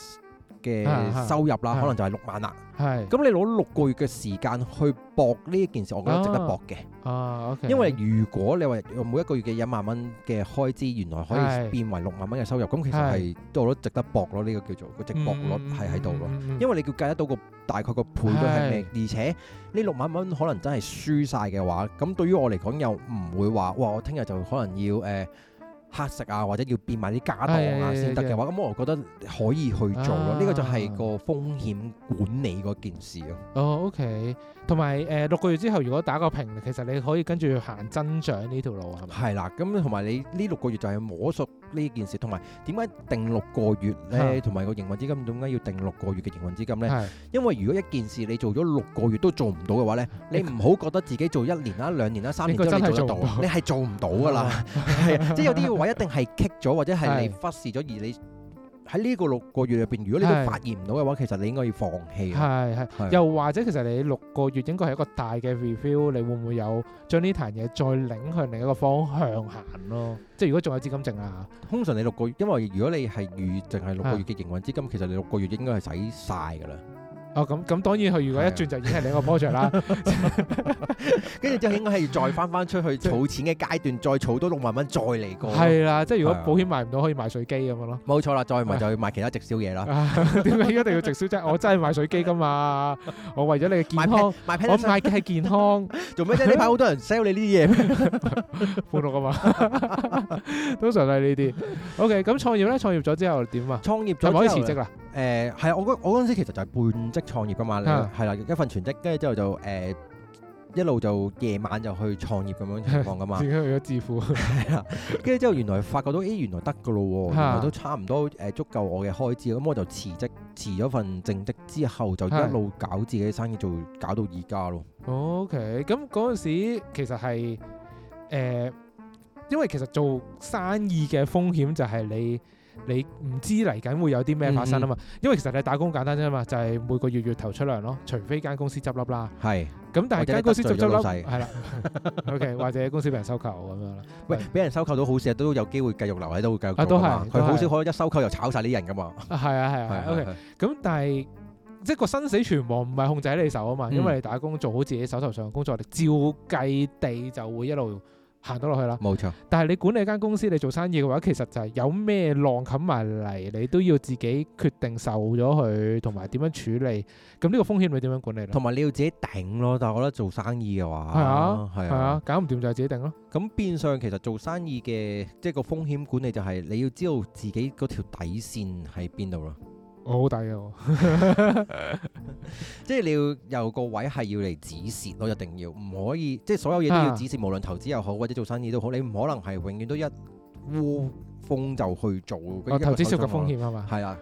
嘅收入啦，的可能就係六萬啦。係的，咁你攞六個月嘅時間去搏呢一件事，我覺得值得搏嘅。啊、因為如果你話每一個月嘅一萬蚊嘅開支，原來可以變為六萬蚊嘅收入，咁的其實係我的都值得搏咯。呢、呢個叫做個值博率係喺度咯。嗯嗯嗯、因為你叫計得到個大概個倍率係咩的？的而且呢六萬蚊可能真係輸晒嘅話，咁對於我嚟講又唔會話哇！我聽日就可能要誒。呃黑食啊，或者要變埋啲家當啊，先得嘅話，咁我覺得可以去做咯。呢個就係個風險管理嗰件事咯。哦，OK。同埋誒六個月之後，如果打個平，其實你可以跟住行增長呢條路啊。係啦，咁同埋你呢六個月就係摸索呢件事，同埋點解定六個月咧？同埋個營運資金點解要定六個月嘅營運資金咧？因為如果一件事你做咗六個月都做唔到嘅話咧，你唔好覺得自己做一年啦、兩年啦、三年都做得到，你係做唔到㗎啦。即係有啲要。我、哦、一定係棘咗，或者係你忽視咗，是而你喺呢個六個月入邊，如果你都發現唔到嘅話，是其實你應該要放棄。係係是是又或者，其實你六個月應該係一個大嘅 review 你會唔會有將呢壇嘢再擰向另一個方向行咯？ 即係如果仲有資金剩啊，通常你六個月，因為如果你係預淨係六個月嘅營運資金，是其實你六個月應該係使晒噶啦。哦，咁咁當然佢如果一轉就已經係兩個 project 啦，跟住就應該係要再翻翻出去儲錢嘅階段，再儲多六萬蚊再嚟過。係啦，即係如果保險賣唔到，可以賣水機咁樣咯。冇錯啦，再賣就去賣其他直銷嘢啦。點解一定要直銷啫？我真係賣水機㗎嘛？我為咗你嘅健康，我賣嘅係健康。做咩啫？呢排好多人 sell 你呢啲嘢，歡樂㗎嘛！通常係呢啲。OK，咁創業咧，創業咗之後點啊？創業咗之後可以辭職啦。誒係啊！我嗰我嗰陣時其實就係半職創業噶嘛，係啦的，一份全職，跟住之後就誒、呃、一路就夜晚就去創業咁樣情況噶嘛，自己為咗致富。跟住之後原來發覺到，誒、哎、原來得噶咯，的原來都差唔多誒足夠我嘅開支，咁的我就辭職辭咗份正職之後，就一路搞自己嘅生意做，做的搞到而家咯。OK，咁嗰陣時其實係誒、呃，因為其實做生意嘅風險就係你。你唔知嚟緊會有啲咩發生啊嘛？因為其實你打工簡單啫嘛，就係每個月月頭出糧咯。除非間公司執笠啦，係。咁但係間公司執笠，係啦。O K，或者公司俾人收購咁樣啦。喂，俾人收購到好少，都有機會繼續留喺度，繼續做都係。佢好少可以一收購又炒晒啲人噶嘛。係啊係啊，O K。咁但係即係個生死存亡唔係控制喺你手啊嘛，因為你打工做好自己手頭上嘅工作，你照計地就會一路，行到落去啦，冇錯。但係你管理間公司，你做生意嘅話，其實就係有咩浪冚埋嚟，你都要自己決定受咗佢，同埋點樣處理。咁呢個風險你點樣管理？同埋你要自己頂咯。但係我覺得做生意嘅話，係啊係啊，啊啊搞唔掂就係自己頂咯。咁變相其實做生意嘅即係個風險管理，就係你要知道自己嗰條底線喺邊度咯。我好抵喎，即係你要有個位係要嚟止蝕咯，一定要唔可以，即係所有嘢都要止蝕，啊、無論投資又好或者做生意都好，你唔可能係永遠都一窩蜂就去做。我投資涉及風險啊嘛，係啊，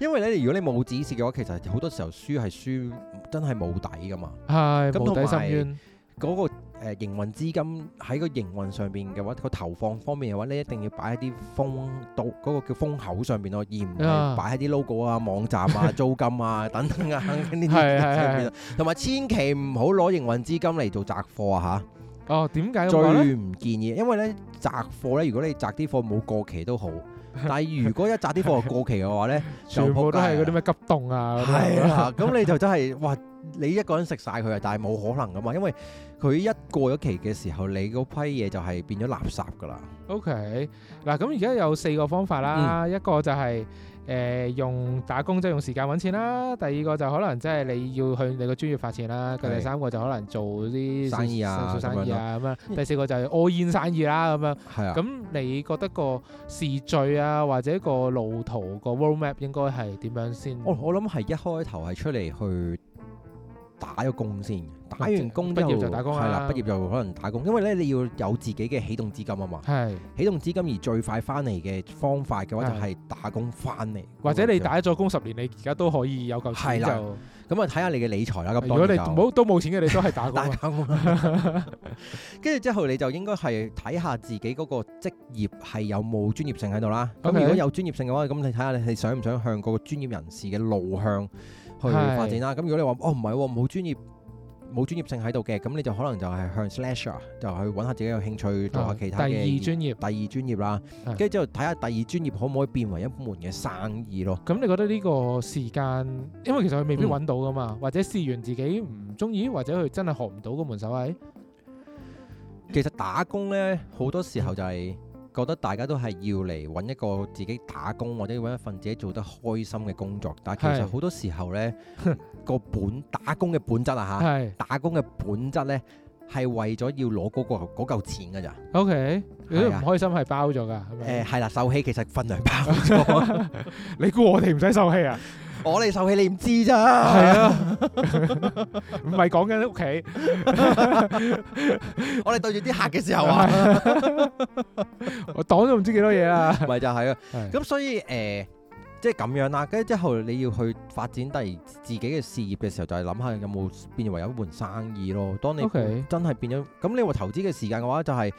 因為咧如果你冇止蝕嘅話，其實好多時候輸係輸真係冇底噶嘛，係、啊，咁同埋嗰個。誒、呃、營運資金喺個營運上邊嘅話，個投放方面嘅話，你一定要擺喺啲風到嗰個叫風口上邊咯，而唔係擺喺啲 logo 啊、網站啊、租金啊等等啊呢啲上面，同埋千祈唔好攞營運資金嚟做雜貨啊吓？哦，點解最唔建議？因為咧雜貨咧，如果你雜啲貨冇過期都好，但係 如果一雜啲貨又過期嘅話咧，全部都係嗰啲咩急凍啊，係啊，咁你就真係哇！ 你一個人食曬佢啊，但係冇可能噶嘛，因為佢一過咗期嘅時候，你嗰批嘢就係變咗垃圾㗎啦。OK，嗱，咁而家有四個方法啦，一個就係誒用打工，即係用時間揾錢啦。第二個就可能即係你要去你個專業發展啦。佢第三個就可能做啲生意啊，做生意啊咁樣。第四個就係外延生意啦咁樣。係啊。咁你覺得個時序啊，或者個路途個 road map 應該係點樣先？我我諗係一開頭係出嚟去。打咗工先，打完工之後，畢業就打工、啊。係啦，畢業就可能打工，因為咧你要有自己嘅起動資金啊嘛。係的起動資金而最快翻嚟嘅方法嘅話，就係打工翻嚟。或者你打咗工十年，你而家都可以有夠錢係啦。咁啊，睇下你嘅理財啦。咁如果你冇都冇錢嘅你都係打工、啊。 打工、啊。跟住之後，你就應該係睇下自己嗰個職業係有冇專業性喺度啦。咁 Okay. 如果有專業性嘅話，咁你睇下你你想唔想向嗰個專業人士嘅路向？去發展啦。咁是如果你話哦唔係喎，冇、哦、專業冇專業性喺度嘅，咁你就可能就係向 slasher 就去揾下自己有興趣做下其他嘅、啊、第二專業，第二專業啦。跟住之後，睇下第二專業可唔可以變為一門嘅生意咯。咁你覺得呢個時間，因為其實佢未必揾到噶嘛，嗯、或者試完自己唔中意，或者佢真係學唔到嗰門手藝。其實打工咧好、嗯、多時候就係、是。覺得大家都係要嚟揾一個自己打工或者揾一份自己做得開心嘅工作，但係其實好多時候呢，個本打工嘅本質啊嚇，打工嘅本質呢係為咗要攞嗰個嗰嚿錢㗎咋。OK，你都唔開心係包咗㗎，誒係啦，受氣其實分量包咗。你估我哋唔使受氣啊？我哋受氣你唔知咋，係啊，唔係講緊屋企，我哋對住啲客嘅時候啊，我擋都唔知幾多嘢啊，咪就係啊，咁所以誒，呃，即係咁樣啦，跟住之後你要去發展第二自己嘅事業嘅時候，就係諗下有冇變為有一門生意咯。當你真係變咗，咁 Okay. 你話投資嘅時間嘅話，就係。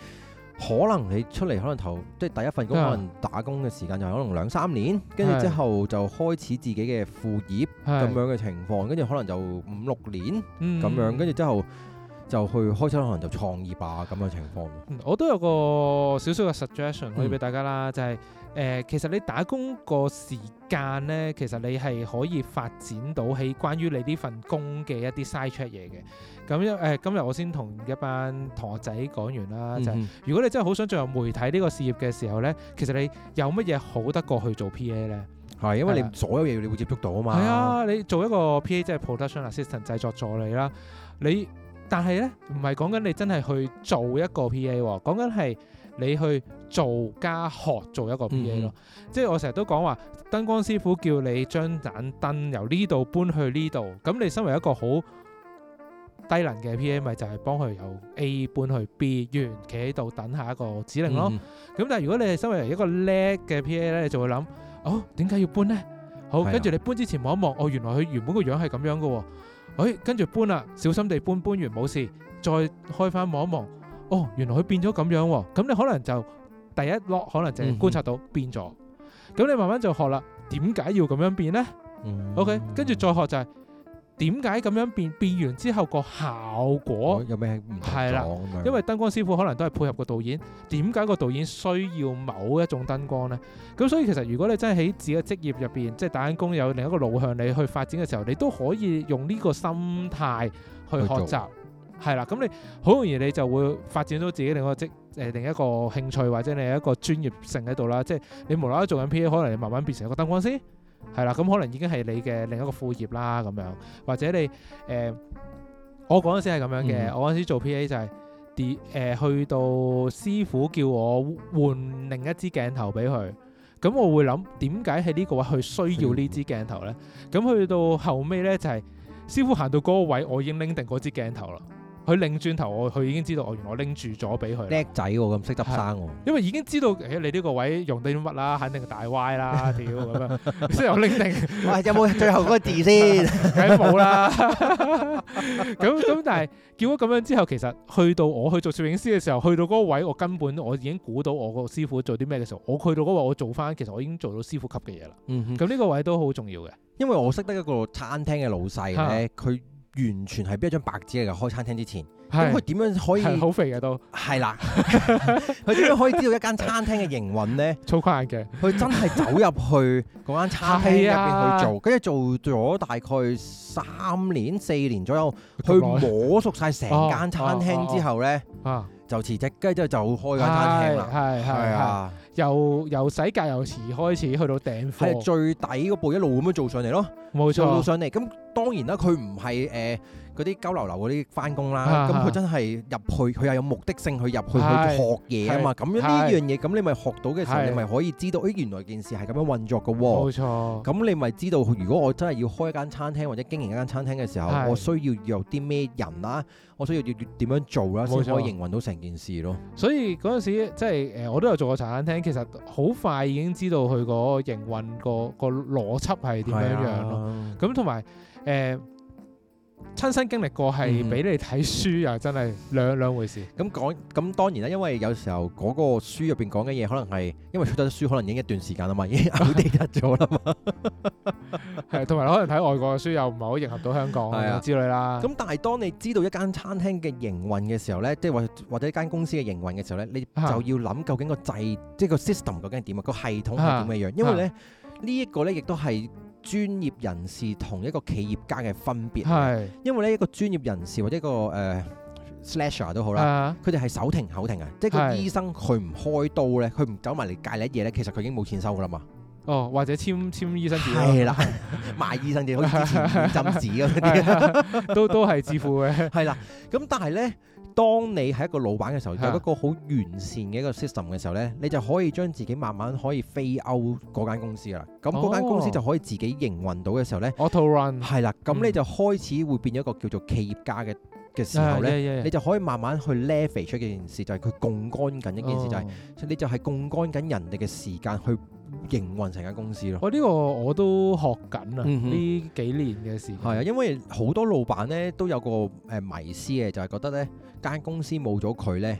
可能你出嚟可能頭即係第一份工，是的 可能打工嘅時間就係可能兩三年，跟住之後就開始自己嘅副業咁樣嘅情況，跟住是的 可能就五六年咁、嗯、樣，跟住之後就去開始可能就創業啊咁嘅情況、嗯，我都有個少少嘅 suggestion 可以俾大家啦，嗯、就係、是。誒，其實你打工個時間咧，其實你係可以發展到喺關於你呢份工嘅一啲 side track 嘢嘅。咁誒，今日我先同一班同學仔講完啦，就係如果你真係好想進入媒體呢個事業嘅時候咧，其實你有乜嘢好得過去做 PA 咧？係，因為你所有嘢你會接觸到啊嘛。係啊，你做一個 PA 即係 production assistant 製作助理啦。你但係咧，唔係講緊你真係去做一個 PA 喎，講緊係你去做加學做一個 PA 咯，即係我成日都講話燈光師傅叫你將盞燈由呢度搬去呢度，咁你身為一個好低能嘅 PA 咪就係幫佢由 A 搬去 B，完企喺度等下一個指令咯。咁但係如果你係身為一個叻嘅 PA 呢，你就會諗哦，點解要搬呢？好，跟住你搬之前望一望，哦，原來佢原本個樣係咁樣嘅喎。哎，跟住搬啦，小心地搬搬完冇事，再開翻望一望，哦，原來佢變咗咁樣喎。咁你可能就～第一粒可能就係觀察到變咗、嗯哼，咁你慢慢就學啦。點解要咁樣變呢？OK，跟住再學就係點解咁樣變？變完之後個效果、哦、有咩唔同？係啦，因為燈光師傅可能都係配合個導演，點解個導演需要某一種燈光呢？咁所以其實如果你真係喺自己嘅職業入邊，即係打緊工有另一個路向你去發展嘅時候，你都可以用呢個心態去學習。係啦做，咁你好容易你就會發展到自己另一個職。誒，另一個興趣或者你一個專業性喺度啦，即係你無啦啦做緊 P.A.，可能你慢慢變成一個燈光師，係啦，咁可能已經係你嘅另一個副業啦，咁樣或者你誒、呃，我嗰陣時係咁樣嘅，嗯、我嗰陣時做 P.A. 就係、是呃、去到師傅叫我換另一支鏡頭俾佢，咁我會諗點解喺呢個位佢需要呢支鏡頭呢？咁的去到後尾呢，就係、是、師傅行到嗰個位，我已經拎定嗰支鏡頭啦。佢擰轉頭我，我佢已經知道我原來我拎住咗俾佢。叻仔喎、啊，咁識執生喎、啊。因為已經知道，誒、欸，你呢個位用到啲乜啦，肯定大 Y 啦、啊，屌咁樣。 所以我拎定。喂， 有冇最後嗰字先？梗係冇啦。咁咁， 但係結果咁樣之後，其實去到我去做攝影師嘅時候，去到嗰個位，我根本我已經估到我個師傅做啲咩嘅時候，我去到嗰位，我做翻，其實我已經做到師傅級嘅嘢啦。咁呢、嗯、哼個位都好重要嘅。因為我識得一個餐廳嘅老細咧，佢。完全係邊一張白紙嚟嘅。開餐廳之前，咁佢點樣可以？好肥嘅都係啦。佢點了 樣可以知道一間餐廳嘅營運咧？好誇嘅，佢真係走入去嗰間餐廳入邊去做，跟住、啊、做咗大概三年四年左右，去摸熟晒成間餐廳之後咧，啊啊啊、就辭職，跟住就開間餐廳啦。係係啊。由由洗隔油池開始去到訂貨，係最底嗰步，一路咁樣做上嚟咯。冇沒錯，做上嚟。咁當然啦，佢唔係誒。嗰啲交流流嗰啲翻工啦，咁佢、啊、真係入去，佢又有目的性去入是去去學嘢啊嘛。咁是樣呢樣嘢，咁是你咪學到嘅時候，是你咪可以知道，誒原來件事係咁樣運作嘅，冇錯，咁錯你咪知道，如果我真係要開一間餐廳或者經營一間餐廳嘅時候是我，我需要有啲咩人啦？我需要要點樣做啦，先可以營運到成件事咯。所以嗰陣時，即係誒我都有做過茶餐廳，其實好快已經知道佢個營運個個邏輯係點樣樣咯。咁同埋誒。親身經歷過，係俾你睇書又真係兩兩回事。咁講，咁當然啦，因為有時候嗰個書入邊講嘅嘢，可能係因為出咗書可能已經一段時間啊嘛，已經 out 咗啦嘛。 係，同埋可能睇外國嘅書又唔係好迎合到香港 之類啦，啊。咁但係當你知道一間餐廳嘅營運嘅時候咧，即係或或者一間公司嘅營運嘅時候咧，你就要諗究竟個制即係個 system 究竟係點啊，個系統係點嘅樣。啊啊啊、因為咧呢一、這個咧亦都係。專業人士同一個企業家嘅分別係，是因為咧一個專業人士或者一個誒、呃、slasher 都好啦，佢哋係手停口停嘅，即係佢醫生佢唔開刀咧，佢唔走埋嚟戒呢啲嘢咧，其實佢已經冇錢收噶啦嘛。哦，或者簽簽醫生紙係啦，賣醫生紙好似以前紙咁樣，都都係致富嘅。係啦，咁但係咧。當你係一個老闆嘅時候，有一個好完善嘅一個 system 嘅時候呢，你就可以將自己慢慢可以 fade out 嗰間公司啦。咁嗰間公司就可以自己營運到嘅時候呢，oh，auto run 係啦。咁你就開始會變咗一個叫做企業家嘅嘅時候呢，yeah, yeah, yeah. 你就可以慢慢去 leverage 一件事，就係佢槓桿緊一件事，oh. 就係你就係槓桿緊人哋嘅時間去，營運成間公司咯，我呢、哦這個我都學緊啊，呢、嗯、哼幾年嘅事，係啊，因為好多老闆咧都有個誒迷思嘅，就係、是、覺得呢間公司冇咗佢呢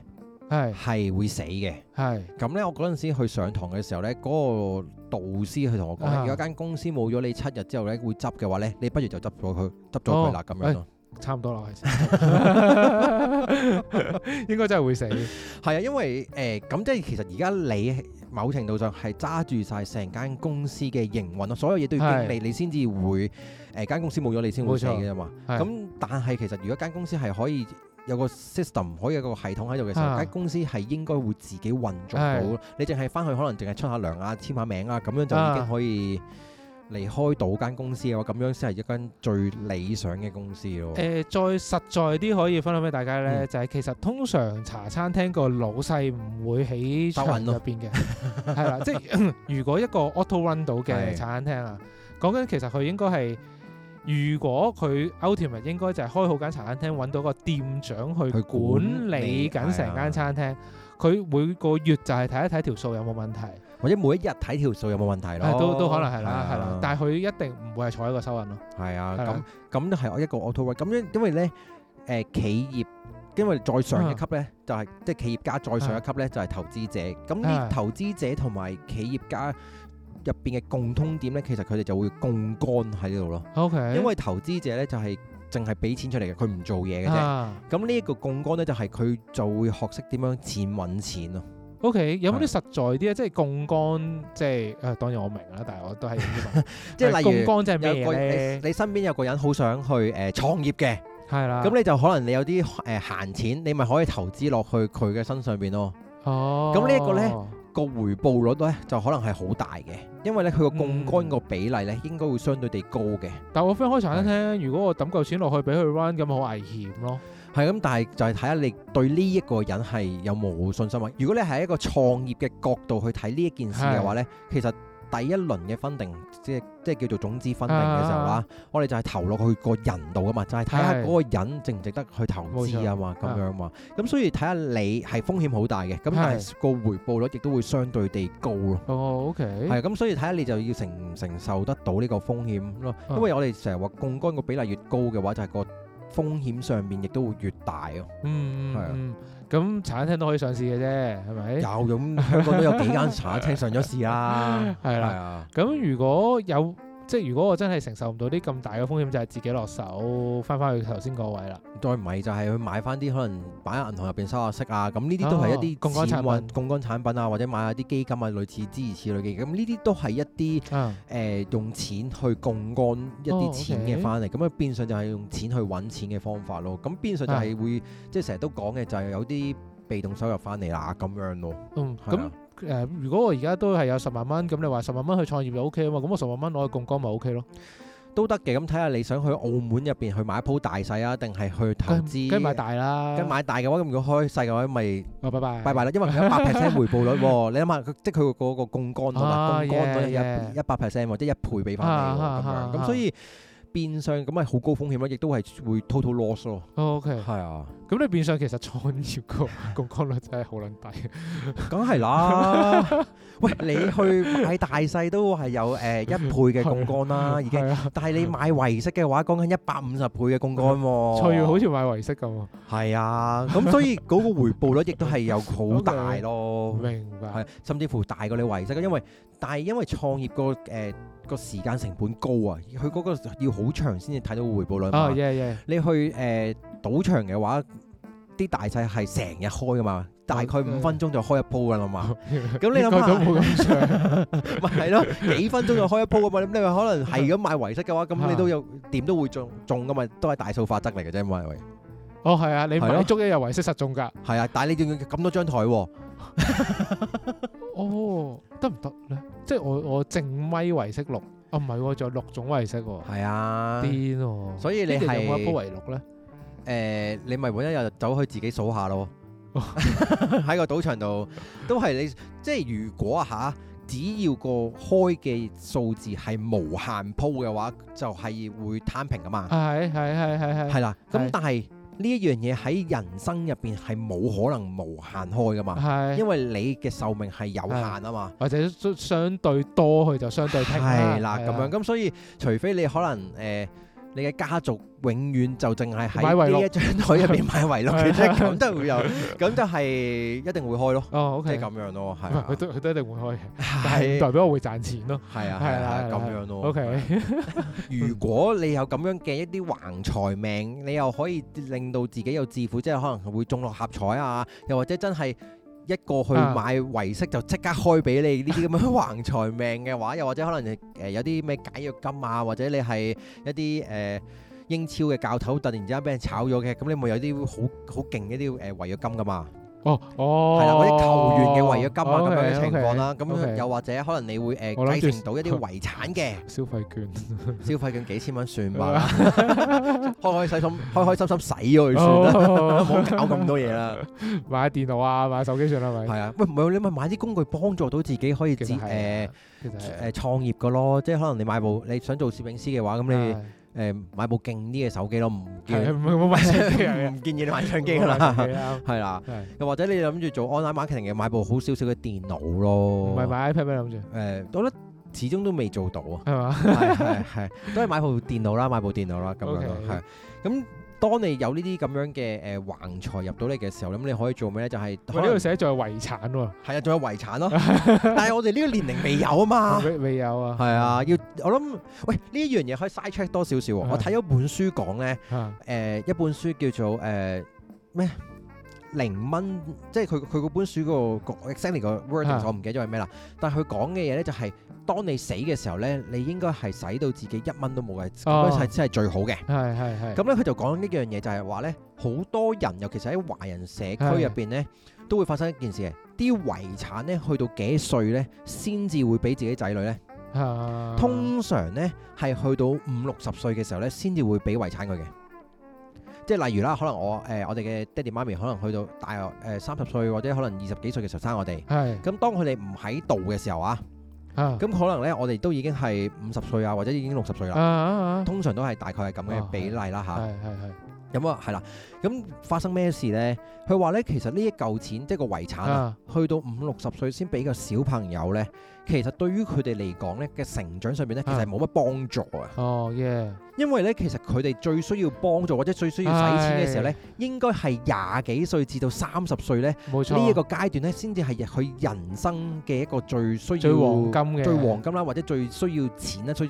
係係會死嘅，係咁呢，我嗰陣時去上堂嘅時候呢，嗰、那個導師去同我講，的如果間公司冇咗你七日之後呢會執嘅話呢，你不如就執咗佢，執咗佢啦咁樣咯。哎差唔多啦， 應該真係會死。係啊，因為誒，咁即係其實而家你某程度上係揸住晒成間公司嘅營運咯，所有嘢都要經理，是的 你先至會誒間、呃、公司冇咗你先會死嘅啫嘛。咁但係其實如果間公司係可以有個 system，可以有個系統喺度嘅時候，間是的 公司係應該會自己運作到。是的 你淨係翻去可能淨係出下糧啊，簽下名啊，咁樣就已經可以。是的 離開到間公司嘅話，咁樣先係一間最理想嘅公司咯。誒、呃，再實在啲可以分享俾大家咧，嗯、就係其實通常茶餐廳個老細唔會喺場入邊嘅，係啦。 即係如果一個 auto run 到嘅茶餐廳啊，講緊其實佢應該係，如果佢 outlet 咪應該就係開好間茶餐廳，揾的到個店長去管理緊成間餐廳，佢每個月就係睇一睇條數有冇問題。或者每一日睇條數有冇問題咯？都都可能係啦，係啦。但係佢一定唔會係坐喺個收銀咯。係啊，咁咁都係一個 alternative 咁樣，因為咧，誒、呃、企業因為再上一級咧，啊、就係、是、即係企業家再上一級咧，啊、就係投資者。咁啲投資者同埋企業家入邊嘅共通點咧，其實佢哋就會槓桿喺呢度咯。OK。啊、因為投資者咧就係淨係俾錢出嚟嘅，佢唔做嘢嘅啫。咁、啊、呢一個槓桿咧就係、是、佢就會學識點樣錢揾錢咯。OK，有冇啲實在啲咧？即係槓桿，即係誒。當然我明啦，但係我都係即係例如槓桿即係咩咧？你身邊有個人好想去誒創業嘅，係啦。咁你就可能你有啲誒閒錢，你咪可以投資落去佢嘅身上邊咯。哦，咁呢一個咧個回報率咧就可能係好大嘅，因為咧佢個槓桿個比例咧應該會相對地高嘅。但係我 friend 開茶餐廳，如果我抌夠錢落去俾佢 run，咁好危險咯。係咁，但係就係睇下你對呢一個人係有冇信心啊？如果你係一個創業嘅角度去睇呢一件事嘅話呢的其實第一輪嘅分定即係叫做種子分定嘅時候啦，啊啊啊我哋就係投落去個人度啊嘛，的就係睇下嗰個人值唔值得去投資啊錯嘛，咁樣啊嘛。咁所以睇下你係風險好大嘅，咁的但係個回報率亦都會相對地高咯。哦 OK 係咁，所以睇下你就要承唔承受得到呢個風險咯，嗯、因為我哋成日話槓桿個比例越高嘅話就係、是、個。風險上面亦都會越大咯，嗯，係啊，咁、嗯、茶餐廳都可以上市嘅啫，係咪？有咁香港都有幾間茶餐廳 上咗市啦，係啦，係啊，咁如果有。即係如果我真係承受唔到啲咁大嘅風險，就係、是、自己落手翻返去頭先嗰位啦。再唔係就係、是、去買翻啲可能擺喺銀行入邊收下息啊，咁呢啲都係一啲錢啊，槓桿、哦、產品啊，或者買下啲基金啊，類似之如此類嘅。金，呢啲都係一啲誒用錢去槓桿一啲錢嘅翻嚟，咁、哦 okay、樣變相就係用錢去揾錢嘅方法咯。咁變相就係會、啊、即係成日都講嘅，就係有啲被動收入翻嚟啦，咁樣咯。咁。誒，如果我而家都係有十萬蚊，咁你話十萬蚊去創業就 OK 啊嘛，咁我十萬蚊攞去槓桿咪 OK 咯，都得嘅。咁睇下你想去澳門入邊去買鋪大細啊，定係去投資？梗係買大啦，跟買大嘅話，咁如果開細嘅話，咪，拜拜，拜拜啦，因為佢一百 percent 回報率喎，你諗下，即係佢個嗰個槓桿同埋槓桿嗰啲一一百 percent，或者一倍俾翻你喎，咁咁所以。變相咁係好高風險咯，亦都係會 total loss 咯。OK，係啊。咁你變相其實創業個槓桿率真係好撚低，梗係啦。喂，你去買大細都係有誒一倍嘅槓桿啦，已經。但係你買維息嘅話，講緊一百五十倍嘅槓桿喎。創業好似買維息咁。係啊，咁所以嗰個回報率，亦都係有好大咯。明白。係，甚至乎大過你維息，因為但係因為創業個誒。個時間成本高啊！佢嗰個要好長先至睇到回報率。Oh, yeah, yeah. 你去誒、呃、賭場嘅話，啲大細係成日開噶嘛，大概五分鐘就開一鋪噶啦嘛。咁 你諗下，會唔會咁長？咪係咯？幾分鐘就開一鋪噶嘛？咁你話可能係如果買遺失嘅話，咁 你都有點都會中中噶嘛？都係大數法則嚟嘅啫嘛，係咪、oh, 喂？哦，係啊，你買了中一日遺失實中㗎。係啊，但係你仲要咁多張台喎。哦，得唔得咧？即係我我正咪圍骰六，哦唔係喎，仲有六種圍骰喎，係啊，癲喎了，所以你係，用、嗯、一有冇圍六咧？誒、呃，你咪每一日走去自己數下咯。喺個 賭場度都係你，即係如果嚇只要個開嘅數字係無限鋪嘅話，就係、是、會攤平㗎嘛。係係係係係。係啦，咁但係。呢一樣嘢喺人生入邊係冇可能無限開㗎嘛，的因為你嘅壽命係有限啊嘛，或者相對多佢就相對平啦，咁的的樣，咁所以除非你可能誒。呃你嘅家族永遠就淨係喺呢一張台入面買遺囑咯，咁都會有，咁就係一定會開咯。哦、oh，OK，係咁樣咯。唔係、啊，佢都佢都一定會開，但係代表我會賺錢咯。係啊，係啊，咁、啊啊啊啊啊，咁樣咯。OK，如果你有咁樣嘅一啲橫財命，你又可以令到自己有致富，即係可能會中六合彩啊，又或者真係。一個去買遺息就即刻開俾你，呢啲咁樣橫財命嘅話，又或者可能誒有啲咩解約金啊，或者你係一啲誒、呃、英超嘅教頭突然之間俾人炒咗嘅，咁你咪有啲好好勁嘅啲誒違約金噶嘛？哦，係啦、oh, oh,，嗰啲球員嘅違約金啊咁，oh, okay , okay, 樣嘅情況啦，咁又 okay, 或者可能你會誒繼承到一啲遺產嘅消費券， 消費券幾千蚊算吧， 開開洗心，開開心心使咗佢算啦，好，oh, oh, oh, oh, 搞咁多嘢啦， 買下電腦啊，買手機算啦，咪係啊，喂，唔係你咪買啲工具幫助到自己可以接誒誒創業嘅咯，即係可能你買部你想做攝影師嘅話，咁，嗯，你。嗯誒買部勁啲嘅手機咯，唔建議唔 建議你買相機啦，係啦，又或者你諗住做 online marketing 嘅，買部好少少嘅電腦咯，唔係買 iPad 咩諗住？誒、呃，我覺得始終都未做到啊，係嘛是吧？係 係都係買部電腦啦，買部電腦啦咁樣係咁。Okay. 當你有呢啲咁樣嘅誒、呃、橫財入到嚟嘅時候，咁你可以做咩咧？就係、是，喂呢度寫仲有遺產喎，係啊，仲、啊、有遺產咯、啊。 但係我哋呢個年齡未有啊嘛，未 有啊。係啊，要我諗，喂呢樣嘢可以 side check 多少少喎。我睇咗本書講咧，誒、啊呃、一本書叫做誒咩？呃零蚊，即係佢佢嗰本書嗰個 extending 個 words，我唔記得咗係咩啦。但係佢講嘅嘢咧，就係當你死嘅時候咧，你應該係使到自己一蚊都冇嘅，咁、哦、樣先係最好嘅。係係係。咁咧，佢就講呢樣嘢，就係話咧，好多人尤其係喺華人社區入邊咧，都會發生一件事嘅，啲遺產咧去到幾歲咧，先至會俾自己仔女咧。啊、通常咧係去到五六十歲嘅時候咧，先至會俾遺產佢嘅。即係例如啦，可能我誒、呃、我哋嘅爹地媽咪可能去到大約誒三十歲或者可能二十幾歲嘅時候生我哋，係咁的當佢哋唔喺度嘅時候啊，咁可能咧我哋都已經係五十歲啊或者已經六十歲啦，啊啊啊通常都係大概係咁嘅比例啦吓，係係係，有冇係啦？咁、嗯、發生咩事咧？佢話咧，其實呢一嚿錢即係個遺產啊，去到五六十歲先俾個小朋友咧，其實對於佢哋嚟講咧嘅成長上面咧，其實冇乜幫助啊。哦，因為咧，其實佢哋最需要幫助或者最需要使錢嘅時候咧，哎、應該係廿幾歲至到三十歲咧呢一冇錯、個階段咧，先至係佢人生嘅一個最需要最黃金嘅最黃金啦，或者最需要錢啦，以去誒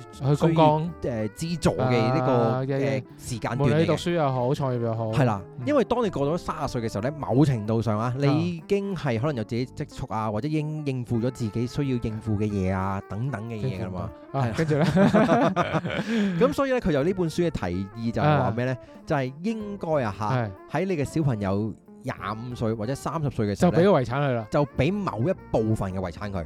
資助嘅呢個誒時間段嚟嘅。啊、yeah, yeah, yeah, 讀書又好，創業又好，係啦、嗯，因為當你過到三十歲嘅時候咧。某程度上啊，你已經係可能有自己積蓄啊，或者應應付咗自己需要應付嘅嘢啊，等等嘅嘢㗎嘛。啊，跟住咧，咁所以咧，佢由呢本書嘅提議就係話咩咧？就係應該啊嚇，喺你嘅小朋友廿五歲或者三十歲嘅時候咧，就俾遺產佢啦，就俾某一部分嘅遺產佢。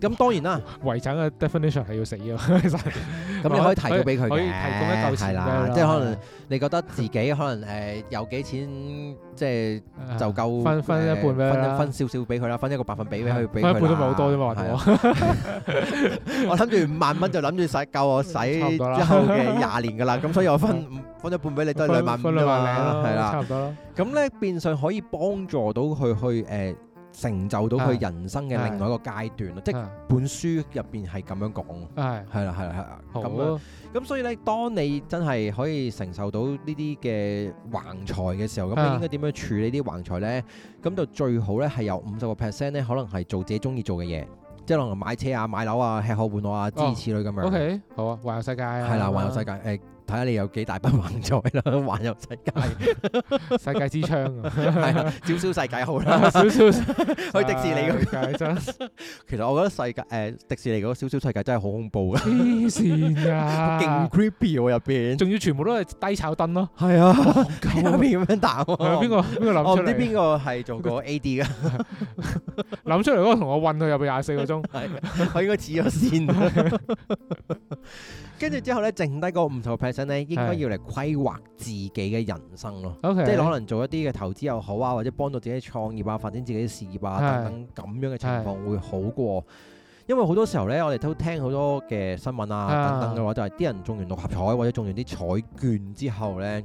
咁當然啦，遺產嘅 definition 係要死嘅，咁你可以提到俾佢嘅。可以提供一嚿錢嘅，即係可能。你覺得自己可能誒、呃、有幾錢，即係就夠、啊、分、呃、分，分一半俾你啦，分分少少俾佢啦，分一個百分比俾佢俾佢。都唔係好多啫嘛。的 我諗住五萬蚊就諗住使夠我使之後嘅廿年㗎啦，咁所以我分 分咗半俾你都係 兩萬五咁樣啦，係啦。差唔多。咁咧變相可以幫助到佢去誒。呃成就到佢人生嘅另外一個階段。的即本書入邊係咁樣講。係啦，係啦，係啦，咁，咁所以咧，當你真係可以承受到呢啲嘅橫財嘅時候，咁你應該點樣處理啲橫財咧？咁的就最好咧係有五十個 percent 咧，可能係做自己鍾意做嘅嘢，即係可能買車啊、買樓啊、吃喝玩樂啊諸如此類咁樣。哦，OK，好啊，環遊世界啊。係啦，環遊世界誒。啊呃睇下你有幾大筆橫財啦！環遊世界，世界之窗，係啊，小小世界好啦，小小去迪士尼嗰個世界真。其實我覺得世界誒，迪士尼嗰個小小世界真係好恐怖嘅。黐線噶，勁 creepy 喎，入邊，仲要全部都係低炒燈咯。係啊，邊咁樣打？係啊，邊個邊個諗出嚟？我唔知邊個係做過 AD 噶，諗出嚟嗰個同我混咗入去廿四個鐘，係我應該黐咗線。跟住之後咧，剩低個唔同 percent 咧，應該要嚟規劃自己嘅人生咯。是即係可能做一啲嘅投資又好啊，或者幫到自己創業啊、發展自己嘅事業啊等等咁是樣嘅情況會好過。因為好多時候咧，我哋都聽好多嘅新聞啊等等嘅話，是就係啲人中完六合彩或者中完啲彩券之後咧。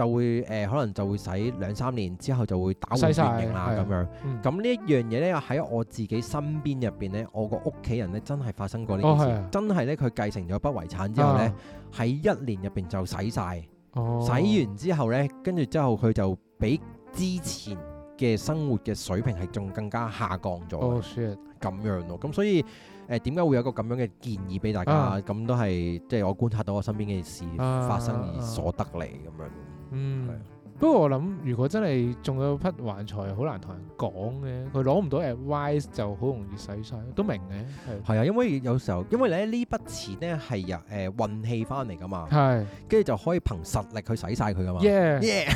就會誒、呃，可能就會使兩三年之後就會打回原形啦咁澡樣。咁呢一樣嘢咧，喺我自己身邊入邊咧，我個屋企人咧，真係發生過呢件事，哦、真係咧佢繼承咗筆遺產之後咧，喺、啊、一年入邊就使晒。使、哦、完之後咧，跟住之後佢就比之前嘅生活嘅水平係仲更加下降咗。咁、oh, shit. 樣咯，咁所以誒點解會有個咁樣嘅建議俾大家？咁、啊、都係即係我觀察到我身邊嘅事發生而所得嚟咁樣。啊啊。嗯，的不過我諗如果真係仲有一筆橫財，好難同人講嘅。佢攞唔到 advice 就好容易使晒，都明嘅。係啊，因為有時候因為咧呢筆錢咧係由誒運氣翻嚟噶嘛，係的，跟住就可以憑實力去使晒佢噶嘛。yeah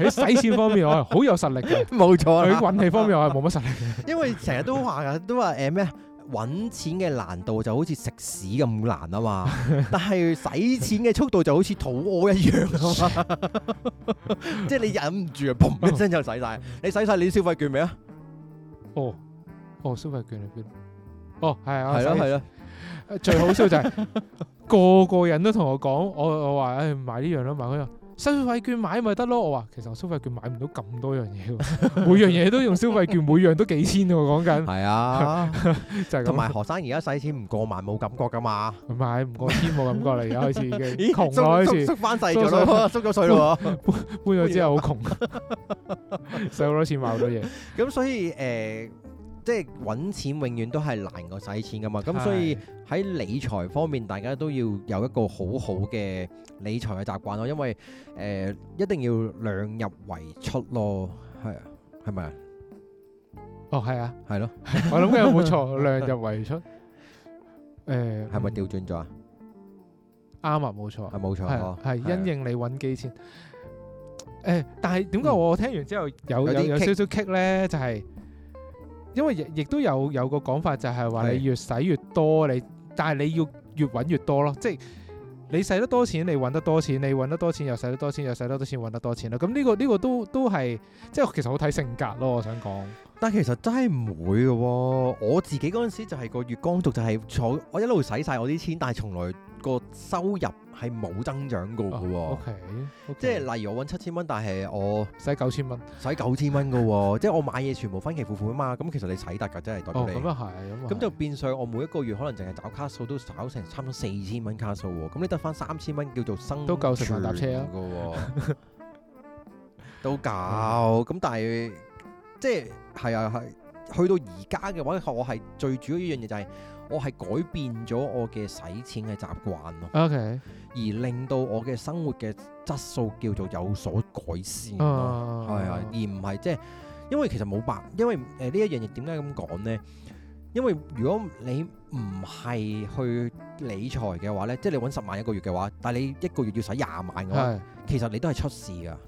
喺使錢方面我係好有實力嘅，冇錯 錯。喺運氣方面我係冇乜實力嘅， 因為成日都話噶， 都話誒咩？欸搵錢嘅難度就好似食屎咁難啊嘛， 但係使錢嘅速度就好似肚屙一樣 即係你忍唔住啊，嘭噢噢一聲就使晒，你使晒你啲消費券未啊？哦，哦，消費券喺邊？哦，係啊，係咯，係咯，最好笑就係 個個人都同我講，我我話誒買呢樣啦，買嗰樣。消費券買咪得咯，我話其實我消費券買唔到咁多樣嘢，每樣嘢都用消費券，每樣都幾千啊，講緊。係啊，就係同埋學生而家使錢唔過萬冇感覺噶嘛，唔係唔過千冇感覺啦，而家開始已經窮咗，開始縮翻細咗，縮咗水咯，搬咗之後好窮，使好多錢買好多嘢。咁所以誒。即係搵錢永遠都係難過使錢噶嘛，咁所以喺理財方面，大家都要有一個好好嘅理財嘅習慣咯。因為誒，一定要量入為出咯，係啊，係咪啊？哦，係啊，係咯。我諗有冇錯，量入為出。誒，係咪調轉咗啊？啱啊，冇錯，係冇錯，係因應你搵幾錢。誒，但係點解我聽完之後有有有少少棘咧？就係。因為亦都有有個講法就係話你越使越多你，是的 但係你要越揾越多咯，即係你使得多錢你揾得多錢，你揾得多錢又使得多錢，又使得多錢揾得多錢咯。咁呢個呢個都都係即係其實好睇性格咯，我想講。但係其實真係唔會嘅喎，我自己嗰陣時就係個月光族就，就係坐我一路使晒我啲錢，但係從來。個收入係冇增長過嘅，即係、oh, okay , okay. 例如我搵七千蚊，但係我使九千蚊，使九千蚊嘅，即係我買嘢全部分期付款啊嘛。咁其實你使得㗎真係代表你咁、哦、就變相，我每一個月可能淨係找卡數都找成差唔多四千蚊卡數，咁、嗯、你得翻三千蚊叫做生存都夠食飯搭車啊， 都夠搞。咁、嗯、但係即係係啊係，去到而家嘅話，我係最主要一樣嘢就係。我係改變咗我嘅使錢嘅習慣咯，Okay. 而令到我嘅生活嘅質素叫做有所改善係啊、oh.，而唔係即係，因為其實冇辦法，因為誒呢、呃、一樣嘢點解咁講呢？因為如果你唔係去理財嘅話呢，即係你搵十萬一個月嘅話，但係你一個月要使廿萬嘅話，oh. 其實你都係出事噶。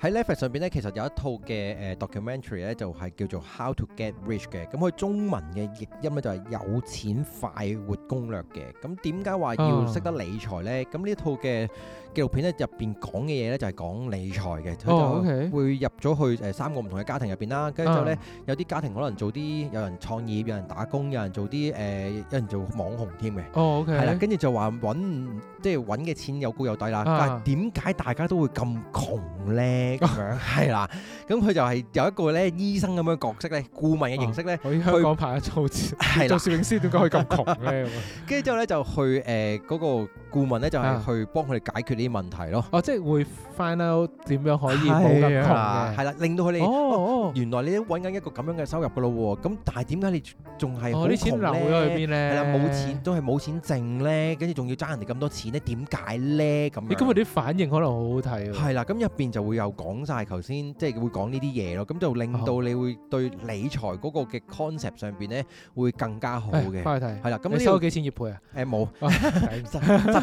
喺 Netflix 上邊咧，其實有一套嘅誒 documentary 咧，就係叫做《How to Get Rich》嘅，咁佢中文嘅譯音咧就係有錢快活攻略嘅。咁點解話要識得理財咧？咁呢套嘅紀錄片咧入邊講嘅嘢咧就係講理財嘅。佢就會入咗去誒三個唔同嘅家庭入邊啦。跟住之後咧，有啲家庭可能做啲有人創業、有人打工、有人做啲誒、有人做網紅添嘅。哦，OK。係啦，跟住就話揾即係揾嘅錢又高又低啦，但係點解大家都會咁窮咧？咁係啦，咁佢、啊、就係有一個咧醫生咁嘅角色咧，顧問嘅形式咧，啊去啊、香港牌嘅措置，他做攝影師點解可以咁窮咧？跟住之後咧就去誒嗰、呃那個。顧問咧就係去幫佢哋解決呢啲問題咯。哦，即係會 find out 點樣可以冇咁窮嘅，係啦，令到佢哋哦哦，原來你都揾緊一個咁樣嘅收入噶咯喎。咁但係點解你仲係我啲錢流咗去邊咧？係啦，冇錢都係冇錢剩咧，跟住仲要爭人哋咁多錢咧，點解咧？咁你今日啲反應可能好好睇喎。係啦，咁入邊就會又講曬頭先，即係會講呢啲嘢咯。咁就令到你會對理財嗰個嘅 concept 上邊咧會更加好嘅。翻去睇係啦。咁你收咗幾錢月配啊？誒冇。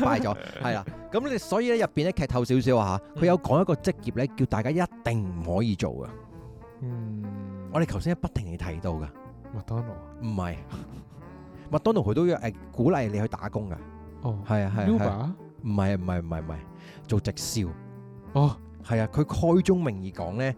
壞咗，係啦，咁你所以咧入邊咧劇透少少啊吓，佢有講一個職業咧，叫大家一定唔可以做㗎。嗯，我哋頭先不停地提到嘅麥當勞，唔係麥當勞，佢都要誒鼓勵你去打工噶。哦，係啊係啊，唔係唔係唔係唔係，做直銷。哦，係啊，佢開宗明義講咧，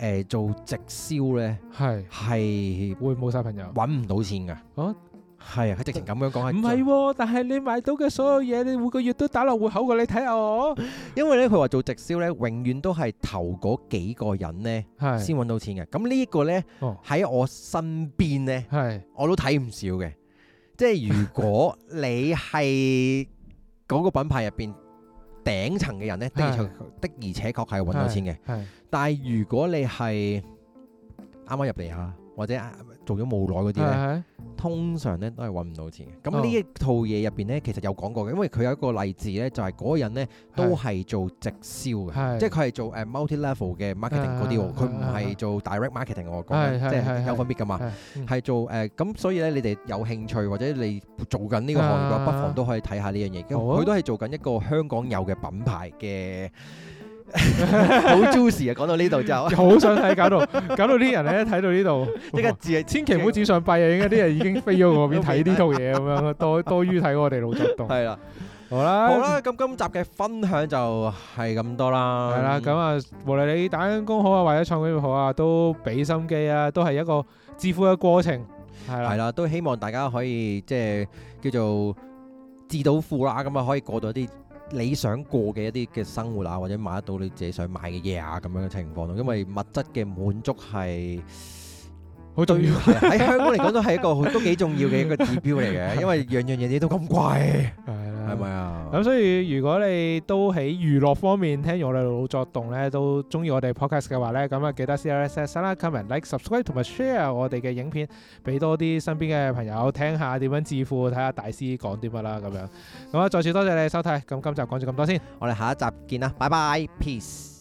誒做直銷咧係係會冇晒朋友，搵唔到錢噶。係，佢直情咁樣講。唔係、哦，但係你買到嘅所有嘢，你每個月都打落戶口噶，你睇下我。 因為咧，佢話做直銷咧，永遠都係頭嗰幾個人咧，先揾的到錢嘅。咁呢一個咧，喺、哦、我身邊咧，的我都睇唔少嘅。即係如果你係嗰個品牌入邊頂層嘅人咧， 的而的而且確係揾到錢嘅。但係如果你係啱啱入嚟啊，或者。做咗冇耐嗰啲咧，通常咧都係揾唔到錢嘅。咁呢一套嘢入邊咧，其實有講過嘅，因為佢有一個例子咧，就係嗰個人咧都係做直銷嘅，即係佢係做誒 multi-level 嘅 marketing 嗰啲喎，佢唔係做 direct marketing 喎，即係有分別噶嘛。係做誒，咁所以咧，你哋有興趣或者你做緊呢個行業嘅話，不妨都可以睇下呢樣嘢。佢都係做緊一個香港有嘅品牌嘅。好 juicy 啊！講 到呢度就，好想睇，搞到搞到啲人咧睇到呢度，呢個字係千祈唔好指上幣啊！而家啲人已經飛咗外邊睇呢套嘢咁樣，多多於睇我哋老作動。係啦，好啦，好啦，咁今集嘅分享就係咁多啦。係啦，咁啊，無論你打緊工好啊，或者創公司好啊，都俾心機啊，都係一個致富嘅過程。係啦，係啦，都希望大家可以即係叫，叫做致到富啦，咁啊可以過到啲。你想過嘅一啲嘅生活啊，或者買得到你自己想買嘅嘢啊，咁樣嘅情況咯，因為物質嘅滿足係。好重要喺， 香港嚟講都係一個都幾重要嘅一個指標嚟嘅，因為樣樣嘢都咁貴，係咪 的啊？咁所以如果你都喺娛樂方面聽完我哋老作動咧，都中意我哋 podcast 嘅話咧，咁啊記得 CLS 啊啦 comment like subscribe 同埋 share 我哋嘅影片，俾多啲身邊嘅朋友聽下點樣致富，睇下大師講啲乜啦咁樣。咁啊再次多謝你收睇，咁今集講咗咁多先，我哋下一集見啦，拜拜，peace。